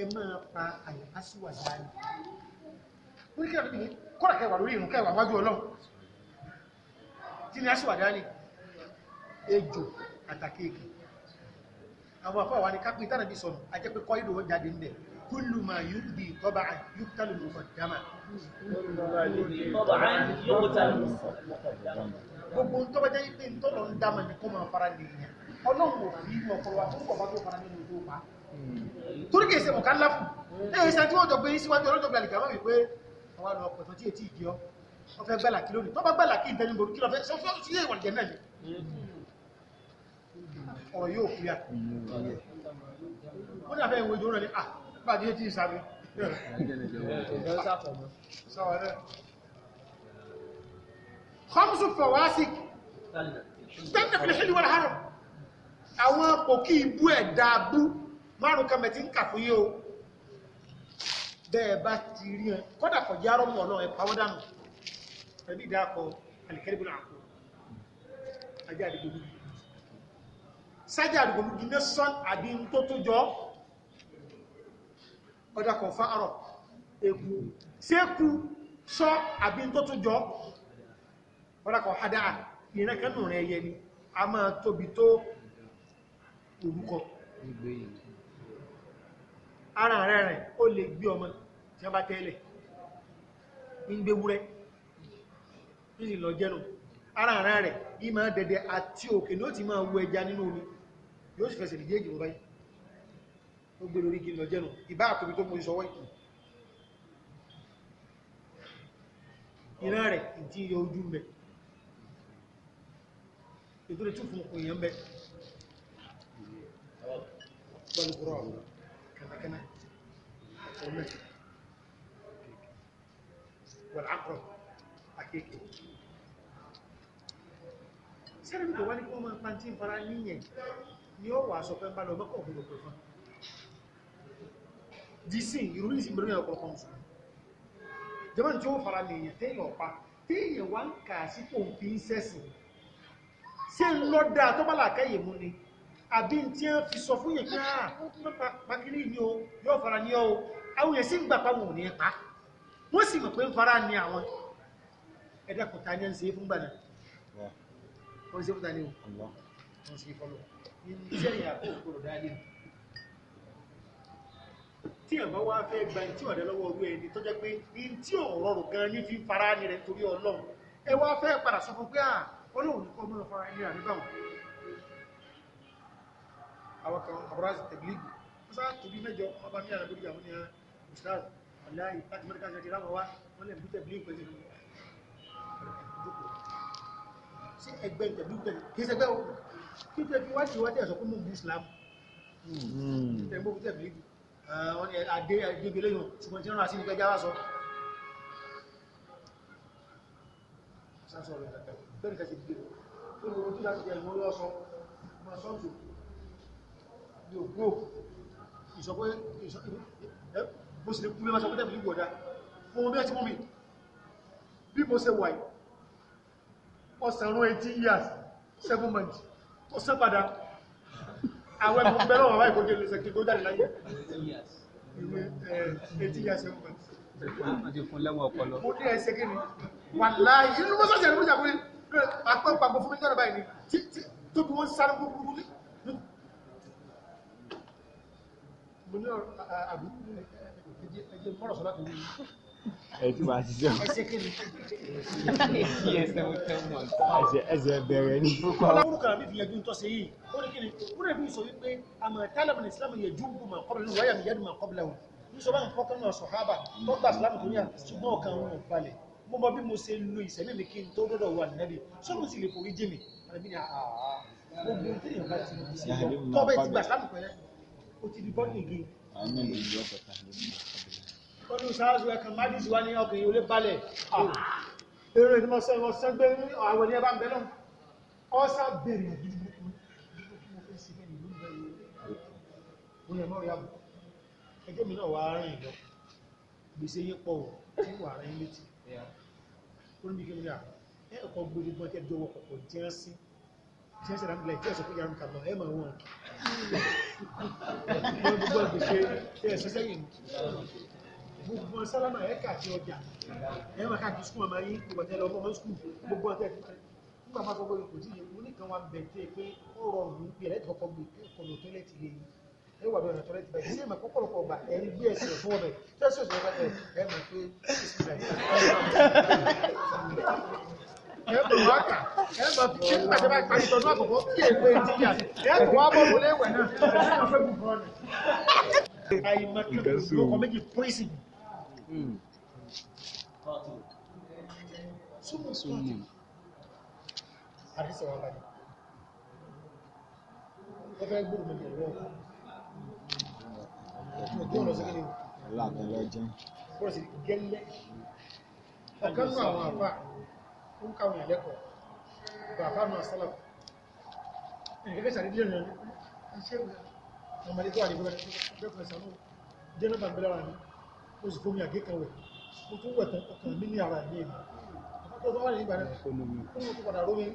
ẹ máa pa àyàká sí wà láàyè ó ní kí àbẹ̀bí ní kọ́ra kẹwàá lórí ìrùn kẹwàá wájú ọlọ́run tí ni a sì wà dáálì ejò àtàkéèkì àwọn afọ àwọn akápẹ́ ìtànà bí sọnù a jẹ́ pé kọ́ ìdò jáde ń bẹ̀ kúlù máa yóò di tọ́ba àn yóò tálù lọ́kọ̀ dáma gbogbo ń tọ́ba jẹ́ ń tọ́lọ̀ ní kó máa fara nìyẹn ọlọ́run ò ní ọpọlọ àti orúkọ bá tó fara nínú ìlú pa torí kìí ṣe mọ̀ká ńlá fún ẹ̀yẹ ṣe tí wọ́n jọ gbé yí síwájú ọlọ́jọ́ gbé àlìkàmọ́ wípé àwọn àlọ́ ọ̀pọ̀ tó tí ètí ìdí ọ wọ́n fẹ́ gbẹ́là kí lónìí tó bá gbẹ́là kí ìtẹ́ni ború kí lọ fẹ́ sọ àwọn kòkí ibú ẹ̀dá bú márùn kan mẹ́tí ń kà fún yíò bẹ́ẹ̀ bá ti rí ẹ kọ́dà kọjá rọ́mù ọ̀nà ẹ̀ pàwọ́dánù pẹ̀lú ìdáàkọ̀ alìkẹ́rìbìnà àkọ́ ajá àdìgbòlù sájà àdìgbòlù di nẹ́sán àbí ń tó tó jọ ọjà kan fa àrọ̀ èkú sékú sọ àbí ń tó tó jọ ọjà kan hádà ìrìnà rẹ̀ yẹ a máa tóbi tó torúkọ ara rẹ̀ rẹ̀ ó lè gbé ọmọ tí wọ́n bá tẹ́lẹ̀ ń gbé wúrẹ́ ìsìn lọ jẹ́nu ara rẹ̀ rẹ̀ yí máa dẹ̀dẹ̀ àti òkè ní ó ti máa wọ ẹja nínú omi yóò sì fẹsẹ̀ lè jẹ́ báyìí ó gbé lórí gílọ jẹ́nu ìbá àtòbí tó mú ìṣọwọ́ ìkù ìrá والغراب كذا كنا والمجد والعقرب أكيد sẹ́rẹ̀ mi kò wá ní kí wọ́n máa pàntí fara níyẹn ni ó wà sọ pé ń bá lọ mọ́kàn òfin òpin fún dísìn ìrúlì sí ìbẹ̀rẹ̀ ọ̀pọ̀lọpọ̀ mùsùlùmí jẹ́mọ́n tí ó fara níyẹn téèyàn pa téèyàn wá ń kà sí pòǹfin sẹ́sìn sí ń lọ́dà tó bá làkẹ́yẹ̀ mú ni àbí tí wọ́n fi sọ fún yẹn pé ah mẹ́pa pàkírí ni o yóò fara ní ọ o àwọn yẹn sì ń gbà páwọn ò ní pa wọ́n sì mọ̀ pé ń fara ní àwọn ẹ̀dá kò ta ní ẹ̀ǹsẹ̀ fún gbàdá wọ́n sì fún ta o wọ́n sì fọ́lọ́ iṣẹ́ ìyá kò gbọdọ̀ dáadé tí ẹ̀ bá wá fẹ́ gba ẹ̀ tí ọ̀rẹ́ lọ́wọ́ ọdún ẹni tó àwọn kan àbúrásì tẹ̀gbìlìgbì wọ́n sáà tó bí mẹ́jọ wọ́n bá ní àrẹ lórí àwọn ènìyàn ustaz aláì láti mẹ́ríkà ṣe ráwọn wá wọ́n lè mú tẹ̀gbìlìgbì pẹ̀lú sí ẹgbẹ́ tẹ̀gbìlìgbì kìí ṣẹgbẹ́ o kí tẹ̀ fi wáṣí wáṣí ẹ̀sọ́ kó mú bu islam tẹ̀gbọ́ bu tẹ̀gbìlìgbì wọ́n ni adé adébí lẹ́yìn ṣùgbọ́n tí wọ́n rà sí ní pẹ́já wá sọ Sásọ̀rọ̀ ìdàkà, bẹ́ẹ̀ ni kẹ́ ti gbé, tó ní ojú láti jẹ ìwọ́n lọ́sọ, máa sọ́ọ̀tù yòókù ìsọpẹ́ bó sì lè kúrò máa sọpẹ́ tẹ́bí ìgbọ̀dá ohun bẹ́ẹ̀ tí mú mi bí mo ṣe wà ọ̀sànrún 18 years 7 months tó sẹ́ padà àwọn ẹ̀kùn bẹ́ẹ̀ lọ́wọ́ báyìí kó jẹ́ lẹ́sẹ̀ kí ó jáde láyé 18 years 7 months mo ní ẹsẹ̀ kí ni wà láàyè inú mọ́sọ̀sẹ̀ ìrújà kúrin apẹ́ pàgbọ́ fún mi jẹ́ mo ní àbí ẹjẹ mọ́rọ̀ sọ́lá tó wí. ẹ ti wá ṣiṣẹ́ o. ẹsẹ̀ kéde. ẹsẹ̀ ẹsẹ̀ mo tẹ́ mọ̀. ẹsẹ̀ ẹsẹ̀ bẹ̀rẹ̀ ní. ọlọ́run kan àbí ìyẹn tó ṣe yìí ó ní kíni ó rẹ̀ bí sọ wípé àmọ̀ tálàmù ní islam yẹ ju bùmọ̀ kọ́bìlẹ̀ ní wáyà mi yẹ́dùmọ̀ kọ́bìlẹ̀ wọn ní sọ bá ń kọ́kọ́ náà sàhábà tó gbà islam tó ní à ṣùgbọ́n ọkàn wọn ò balẹ̀ mo mọ bí mo ṣe lo ìṣẹ̀mí mi kí n ti gbà islam pẹ̀lẹ́ ó ti di bọ́ọ̀lì gé. ọdún sáájú ẹ̀kan mádìsí wá ní ọkàn yìí ó lé balẹ̀ èrò ìdímọ̀ sọ ìwọ sẹ́gbẹ́ àwẹ̀ ní ẹ bá ń bẹ náà ọ̀sán bèrè àdúgbò wọ́n yẹ mọ́rọ̀ yàbò ẹjọ́ mi náà wà á rìn lọ gbèsè yé pọ̀ wọ̀ tí wà á rìn létí ó ní bí kí n rí à ẹ̀ ọkọ̀ gbogbo ẹgbẹ́ jọwọ́ ọkọ̀ jẹ́ sí tí ẹ ṣẹ̀dá nílẹ̀ tí ẹ sọ fún yàrá kàlọ́ ẹ máa wọ́n wọ́n gbogbo àgbèṣe tí ẹ ṣẹṣẹ́ yìí gbogbo sálámà ẹ kà sí ọjà ẹ máa ká kìí skúl ọmọ yín gbogbo àti ẹlọ ọmọ skúl gbogbo àti ẹkùn nígbà máa fọwọ́ ipò tí yẹn oníkan wa bẹ̀ tẹ́ pé ó rọrùn bí ẹlẹ́tì kọ́kọ́ gbé kọlọ̀ tọ́lẹ́tì lé yín ẹ wà lọ́nà tọ́lẹ́tì báyìí sí ẹ̀mà pọ́pọ́lọpọ̀ ọgbà ẹ̀ ń gbé ẹsẹ̀ fún ọbẹ̀ tẹ́sí òṣèlú ẹ̀ máa pé ẹ̀bùn wá kà ẹ̀bùn fi ṣe nígbà tí wọ́n parí tọdún àkọ́kọ́ kí èpè ti yà ẹ̀bùn wá bọ́ọ̀lù léwẹ̀ náà ẹ̀bùn fẹ́ bùn bọ́ọ̀lù. àìmọ̀kẹ́ lóko méjì prison. àdìsẹ̀ wà báyìí wọ́n fẹ́ gbóòrò méjì lọ́wọ́ ọjọ́ ọ̀nà àwọn àfáà ó ń káwọn èèyàn lẹ́kọ̀ọ́ bàbá náà sálà ìgbẹ́gbẹ́ sàrí díẹ̀ ní iṣẹ́ ọmọdé tó wà ní gbẹ́gbẹ́ sàánú jẹ́nàbà ń bẹ́lára ní ó sì fómi àgé kan wẹ̀ ó tún wẹ̀ ọkàn mí ní ara ìní ìmọ̀ ó tó wà ní ìgbà náà ó tó padà rómi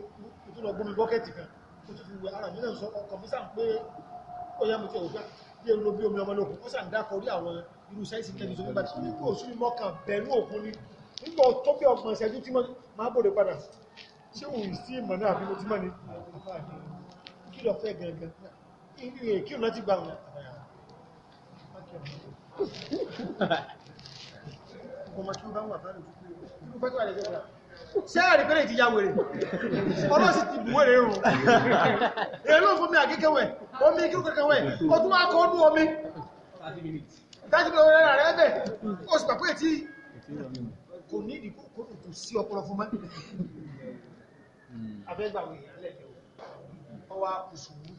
ó tún lọ gbómi bọ́kẹ́tì kan omi ọmọ lókun ó sàn dákọ̀ orí àwọn irú sáìsì kẹ́ni tó nígbà tí ó sì mọ́kàn bẹ̀rù ni nígbà tó bí ọgbọ̀n ìṣẹ́jú tí máa bòrè padà ṣé òun sí ìmọ̀ náà bí mo ti mọ̀ ní kí lọ fẹ́ gangan kí òun láti gba pẹ́lẹ̀ ti ya wèrè ọlọ́sì ti wèrè rùn èlò fún mi àkíkẹ́wẹ̀ omi kíkẹ́kẹ́wẹ̀ ọdún akọ́ ọdún omi dájúdọ̀ rẹ̀ rẹ̀ bẹ̀ ó sì pàpẹ́ tí kò ní ìdìbò kò kò sí ọpọlọ fún mọ́ni abẹ́gbàwé ìyànlẹ́dẹ̀ ọwọ́ kùsùwú.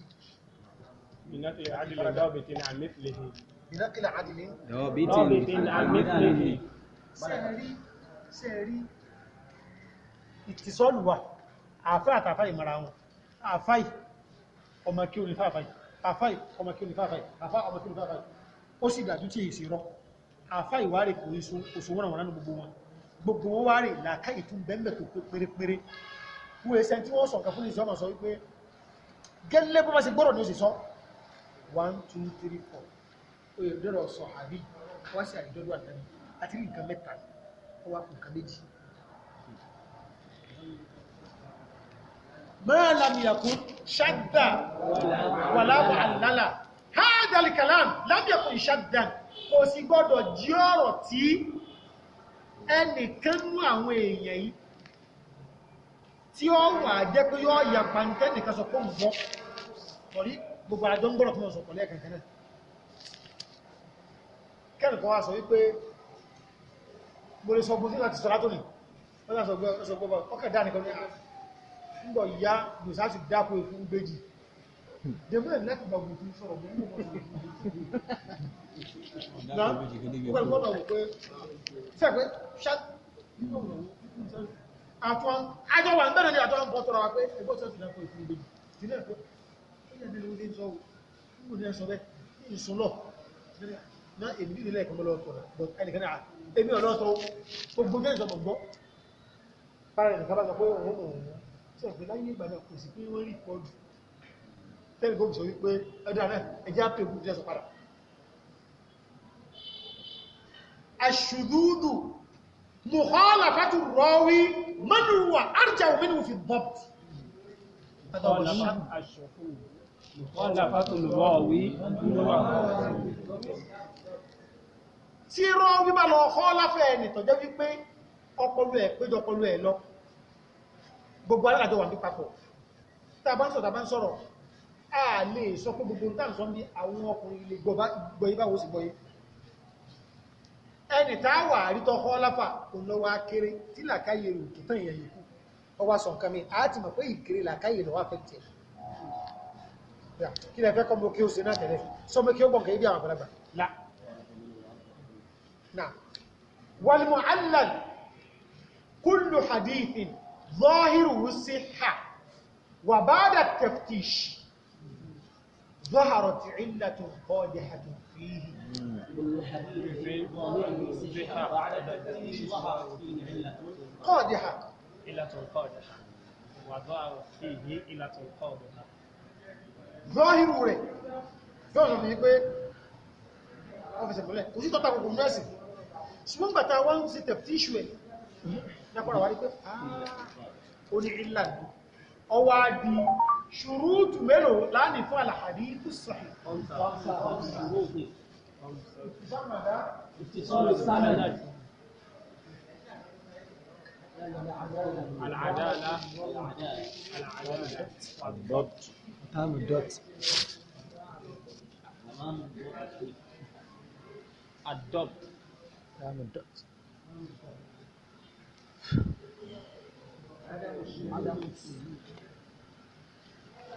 بنقل عدل ضابط عن مثله بنقل عدل ضابط عن مثله sẹ́ẹ̀rí sẹ́ẹ̀rí ìtìsọ́lù wa àfá àtàfáì mara wọn àfáì ọmọ kí o ní fáfáì àfáì ọmọ kí o ní fáfáì àfá ọmọ kí o ní fáfáì ó sì dájú tí gbogbo wọn wá rí làákà ìtún bẹ́ẹ̀mẹ̀ tó pérépéré fún ẹsẹ̀ tí wọ́n sọ̀kà fún ìṣọ́mọ̀ sọ wípé gẹ́lẹ́ bó bá ṣe gbọ́rọ̀ ní òṣìṣọ́ 1 2 3 4 oyè dọ́rọ̀ sọ àbí wọ́n sì àdìdọ́dọ̀ àtẹ́ni àti rí nǹkan mẹ́ta wọ́n wá kù nǹkan méjì máa lámì yàkún ṣádà wàláwà àlálà háàdàlì kàlám lábì yàkún ṣádà kò sì gbọ́dọ̀ jí ọ̀rọ̀ tí ẹnìkan nú àwọn èèyàn yìí tí ó wà jẹ́ pé yóò yà pàǹtẹ́ nìkan sọ fún gbọ́ torí gbogbo àjọ ń gbọ́rọ̀ fún ọ̀sọ̀ pọ̀lẹ́ kankan náà kẹ́nìkan wá sọ wípé mo lè sọ gbogbo láti sọ látòní wọ́n sọ gbogbo ọkẹ̀ dá nìkan ní àgbọ̀ ìyá gbèsà ti dákò ikú gbèjì jẹ́mọ́ ẹ̀ láti gbàgbọ́ tí sọ̀rọ̀ mọ́ mọ́ na èmì nílẹ̀ ẹ̀kọ́ lọ́tọ̀ rẹ̀ but ẹnìkan náà èmì ọ̀lọ́tọ̀ gbogbo gẹ́ ìjọba gbọ́ para ẹnìkan bá sọ pé òun òun tí ọ̀pẹ́ láyé ìgbàlẹ̀ kò sí pé wọ́n rí pọ̀jù tẹ́lẹ̀ bó sọ wípé ẹ̀dá náà ẹjá pè kú jẹ́ sọ padà aṣùdúdù mùhálà fàtù rọ́wí mẹ́nuwà arjá òmìnirù fi bọ́ tí rọ́wí bá lọ ọkọ́ láfẹ́ ẹni tọ́jọ́ wípé ọpọlú ẹ̀ péjọ ọpọlú ẹ̀ lọ gbogbo alájọ wà ní papọ̀ tàbá ń a lè sọ pé gbogbo tàà sọ bí àwọn ọkùnrin ilé gbọ́yí báwo sì gbọ́yí ẹni tàà wà àrítọ́ ọlápà kò lọ́wọ́ akéré tí làkáyè rò tó tàn ìyẹ̀yẹ̀ kú ọwá sọ nǹkan mi àti mọ̀ pé ìkéré làkáyè lọ́wọ́ afẹ́tẹ̀ kí lẹ fẹ́ kọ́ mọ́ kí ó ṣe náà tẹ̀lé sọ mọ́ kí ó gbọ̀n kẹ́ ibi àwọn àgbàlagbà ظهرت علة قادحة فيه قادحة علة قادحة وظهرت فيه علة قادحة ظاهر rẹ̀ yóò sọ ní pé wọ́n fẹsẹ̀ mọ́lẹ̀ kò sí tọ́ta kòkò mẹ́sìn ṣùgbọ́n gbàta wá ń sí tẹ̀fẹ́ tíṣù ẹ̀ lápọ̀rọ̀ wá rí pé ah, ó ní ìlànà ọwá di ṣùrúùtù mélòó láàrín fún àlàhàdí tó sọ̀hì العدالة العدالة الضبط تام الضبط الضبط تام الضبط عدم الشيء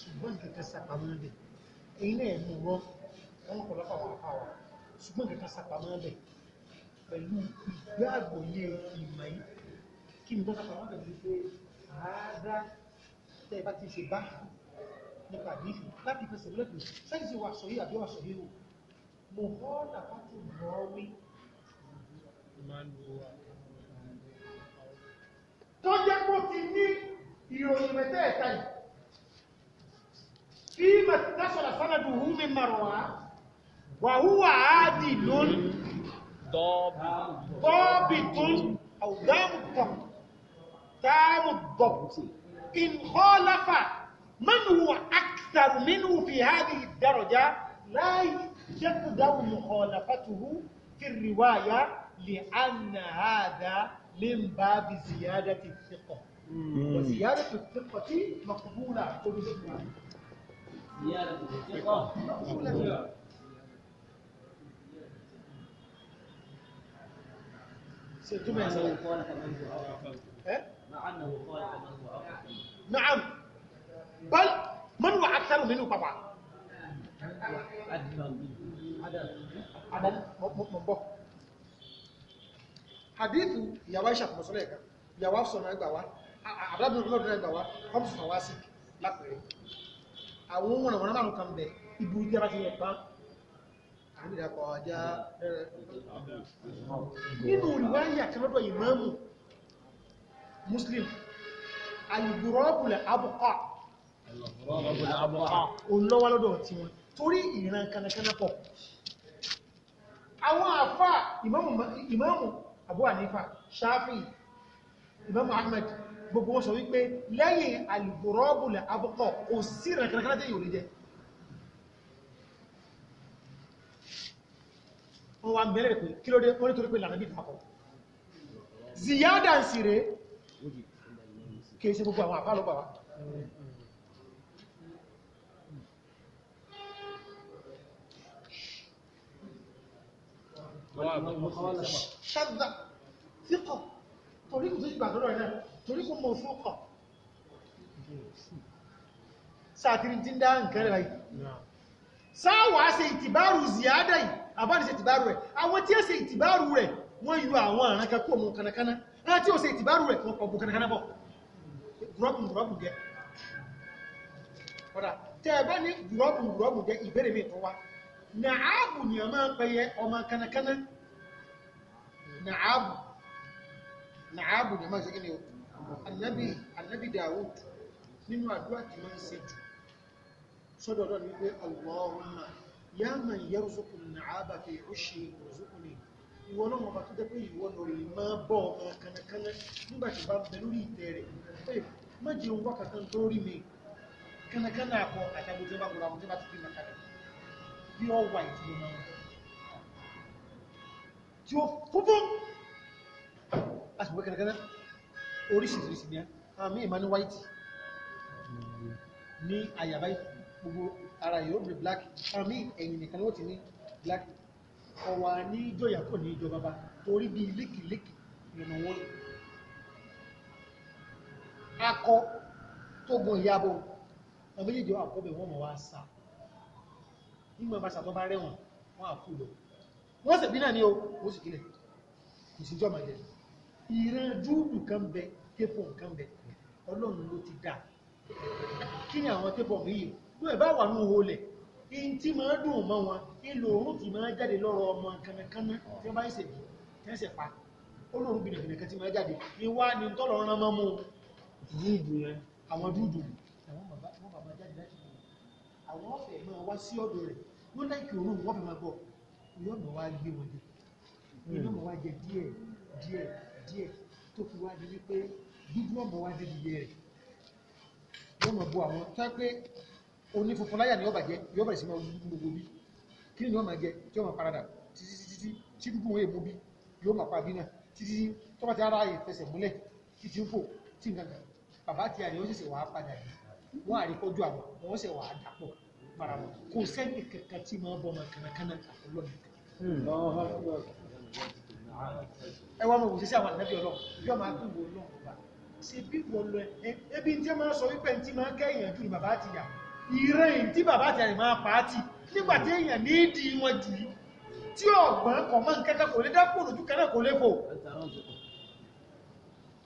ṣùgbọ́n kẹ̀kẹ́ sàpamọ́ bẹ̀ ẹ̀yin náà mú wọ́n wọ́n kọ̀ lọ́pàá wọn àpá wa ṣùgbọ́n kẹ̀kẹ́ sàpamọ́ bẹ̀ pẹ̀lú ìgbé àgbòye ìmọ̀ yìí kí n bọ́ sàpamọ́ bẹ̀ ní pé àádá tẹ́ bá ti ṣe bá nípa àdífì láti fẹsẹ̀ lẹ́pẹ̀ sẹ́yìn sí wà sọ yìí àbí wà sọ yìí o mo họ́ làpá mọ́ wí. tó jẹ́ kó ti ní ìròyìn mẹ́tẹ̀ẹ̀ta yìí kí mẹ́tẹ̀ẹ̀sọ̀rọ̀ sánàdù hù mi mọ̀rọ̀ wá wà húwà áàdì lón tọ́ọ̀bì tún àwùdámù pọ̀n táàmù dọ̀bùtì in họ́láfà mẹ́nu wà ákìtàrù mínú fi hádì ìdárọjá láì jẹ́kùdáwù mọ̀họ́láfà tuhu fi rìwáyà lè ánà hádà من باب زيادة الثقة وزيادة الثقة مقبولة زيادة الثقة مقبولة سيتم يا سلام مع أنه خالق من هو نعم بل من هو أكثر منه طبعا عدل عدل من بقى hadithu ìyàwó Aisha kò sọ́lẹ̀ kan ìyàwó afsọ náà gbà wá àbúrábìnrin kúlọ̀ náà gbà wá kọ́mùsù náà wá sí lápẹ̀rẹ̀ àwọn ohun ọ̀nà márùn kan bẹ̀ ibu jẹ́ bá ti yẹ pa àwọn ìdàpọ̀ ọjà nínú ìwáyà kan lọ́dọ̀ ìmáàmù Muslim alìgbòrọ́bùlẹ̀ abùkọ́ olówá lọ́dọ̀ tí wọn torí ìran kanakana pọ̀ àwọn àfà ìmáàmù Abu Hanifa Shafi Imam Ahmed gbogbo wọn sọ wípé lẹ́yìn alìbòrọ́bùlẹ̀ abúkọ̀ kò sí ìrànkankan tẹ́yìn òní jẹ́ wọ́n wá mẹ́rẹ̀ pé kí ló dé wọ́n nítorí pé lànà bí ìfàkọ̀ ziyada ń sì rẹ̀ gbogbo àwọn àfáà ṣáda fíkọ̀ torí kò tó ti gbàdọ́rọ̀ rẹ̀ torí kò mọ̀ fún ọkọ̀ sàtìrì tí ń dá nǹkan rẹ̀ láì sáwà ṣe ìtìbárù ziyada yìí àbáni ṣe ìtìbárù rẹ̀ àwọn tí ó ṣe ìtìbárù rẹ̀ wọ́n yọ àwọn àrán kan kú ọmọ kanakana àwọn tí ó ṣe ìtìbárù rẹ̀ wọ́n pọ̀ bu kanakana bọ̀ gúrọ́bù gúrọ́bù gẹ́ ọ̀dà tẹ́ nàábù ni a máa pẹyẹ ọmọ kanakana nàábù nàábù ni a máa ṣẹ́gẹ́ ni o annabi annabi Dawud nínú àdúrà tí máa ń ṣe jù sọ́dọ̀ ọ̀dọ́ ni pé Allahumma ya man yarzuqu nàábà fi ushi yarzuquni ìwọ ọlọ́run ọba tó jẹ́ pé ìwọ lọ rí máa bọ́ ọmọ kanakana nígbàtí bá ń bẹ lórí ìtẹ́ rẹ̀ pé má jẹun wákàtán tó rí mi kanakana akọ àtàgbòtẹ́ bá kọ̀ọ̀rọ̀ àwọn tí bá ti fi màkàrẹ̀ pure white ló máa tí ó fúnfún láti wé kẹ́rẹ́kẹ́rẹ́ oríṣìíríṣìí ní àmì ìmáni white ní àyàbá gbogbo ara yóò bí black àmì ẹ̀yìn nìkan ló ti ní black ọwà ní ìjọyà kò ní ìjọ bàbá torí bí lékìlékì lọ́nà wọ́n akọ tó gun ìyàbọ̀ ọmọ méjèèjì àkọ́bẹ̀ wọ́n mọ̀ wá sáà nígbà bá sàtọ́ bá rẹ̀wọ̀n wọ́n àkú lọ wọ́n sì bí náà ní o ó sì kílẹ̀ kò sí jọmọ̀ jẹ ìran júùdù kan bẹ tépò kan bẹ ọlọ́run ló ti dà kí ni àwọn tépò mi yìí ló ẹ̀ bá wà ní owó lẹ̀ in tí máa dùn mọ́ wọn ilò òun ti máa jáde lọ́rọ̀ ọmọ kankanná tí wọ́n bá ń ṣe bí tí wọ́n ṣe pa olóòrùn gbìnàgbìnà kan ti máa jáde ni wá ni tọ́lọ̀ rán mọ́ mú àwọn júùdù àwọn ọ̀fẹ́ máa wá sí ọ̀dọ̀ rẹ̀ ló láìkì òórùn wọ́n fi máa bọ̀ yóò mọ̀ wá gbé wọn dé yóò mọ̀ hmm. wá jẹ díẹ̀ díẹ̀ díẹ̀ tó fi wá di wípé dúdú ọmọ wá débi yẹ rẹ̀ yóò mọ̀ bọ àwọn tó pé oní funfun láyà ni yóò bàjẹ́ yóò bẹ̀rẹ̀ sí máa wú gbogbo bí kí ni yóò máa jẹ tí yóò máa paradà títí títí tí dúdú wọn èèmú bí yóò máa pa bí náà títí tó bá ti ara yẹ fẹsẹ̀ múlẹ̀ títí fò tí nǹkan kan bàbá àti àyè ó sì ṣe wàá padà yìí wọ́n àríkọ́jú àwọn wọ́n sì wàá dàpọ̀ para wọn kò sẹ́ni kankan tí máa bọ̀ máa kànákànná àkọlọ́ nìkan. ẹ wá mọ̀ kò sí sí àwọn ànábì ọlọ́run yọ máa kú wo ọlọ́run ọba ṣe bí wọ́n lọ ẹbí tí máa sọ wípé tí máa kẹ́yìn jù ní bàbá àti ìyá ìrẹ́ tí bàbá àti ìyá máa pa á tì nígbà tí èèyàn ní ìdí wọn jù yìí tí ọ̀gbọ́n kọ̀ mọ́ nǹkan kò lè dápò lójú kan náà kò lè fò.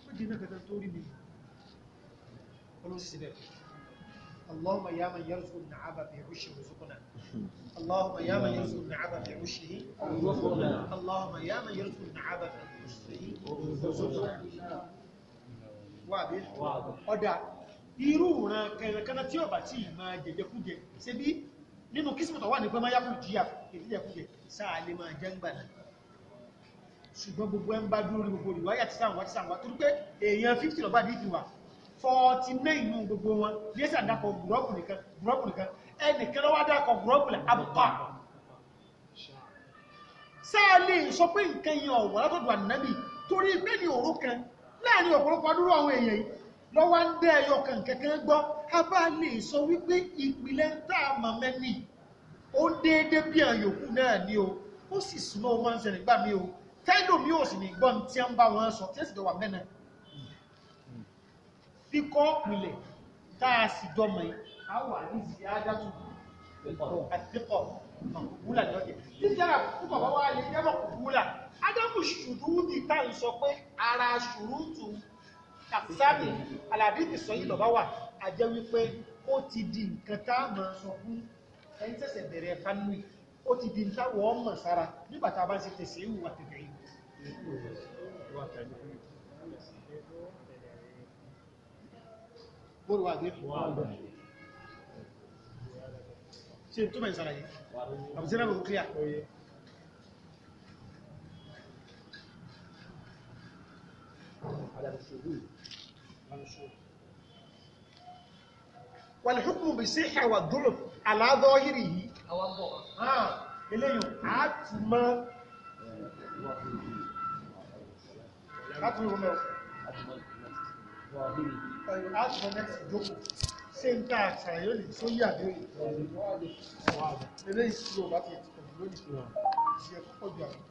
ó di náà kẹta tó rí mi ọlọ́sí bẹ́ẹ̀. اللهم يا من يرزق النعابة بعشه رزقنا اللهم يا من يرزق النعابة بعشه رزقنا اللهم يا من يرزق النعابة بعشه رزقنا واضح ọ̀dà irú ìran kẹrẹkẹrẹ tí ọba tí máa jẹjẹkújẹ ṣe bí nínú kìsìmọ̀tọ̀ wà ní pé máa yákùn jíyà ìjẹjẹkújẹ sáà lè máa jẹ́ ń gbà náà ṣùgbọ́n gbogbo ẹ ń bá dúró ní gbogbo ìwáyà tí sáà wá tí sáà wá torí pé èèyàn 50 lọ́gbà ní ìfìwà fọ́ọ̀tí mẹ́ìnú gbogbo wọn yẹ́sì àdákọ̀ gúrọ́pù nìkan gúrọ́pù nìkan ẹnìkan lọ́wọ́ àdákọ̀ gúrọ́pù àbùkọ́ sáà lè sọ pé nǹkan yẹn ọ̀wọ́ látọ̀dọ̀ ànábì torí bẹ́ẹ̀ni òru kan láàrin ọ̀pọ̀lọpọ̀ adúrú àwọn èèyàn yìí lọ́wọ́ ń dẹ́ ẹyọ kankan gbọ́ a bá lè sọ wípé ìpìlẹ̀ tá a mọ̀ mẹ́ni ó déédéé bí àwọn yòókù náà ní o ó sì súnmọ́ o máa ń ṣẹlẹ̀ gbà mí o tẹ́lómi ò sì ní gbọ́n tí a ń bá wọn sọ tí ó sì dọ̀wà mẹ́nà kíkọ́ ìpìlẹ̀ táà sì jọmọ̀ yìí a wà ní ìsìájátù àtíkọ̀ kùkúlà jọjẹ̀ tí yára púpọ̀ bá wá lè jẹ́mọ̀ kùkúlà adámù ṣùrúdì tá ń sọ pé ara ṣùrútù tàbí alàbí a jẹ́ wípé ó ti di nǹkan a máa sọ fún ẹni tẹ̀sẹ̀ bẹ̀rẹ̀ fánúì ó ti di nǹkan wọ́n mọ̀ sára nígbà tá a bá ń ṣe tẹ̀sẹ̀ ìwà tẹ̀tẹ̀ yìí bóòrò wà dé ṣe tó bí sí ẹwà dúró aláàdọ́hìrì yìí eléyìn àti mọ́ látùrù mẹ́rin wàhálì. ask for next ìjókòó ṣé n ta àṣàyàn yóò lè tó yà lórí wàhálì. eléyìí tí o bá ti tẹ̀lé lónìí ṣe kọ́kọ́ jù àwọn.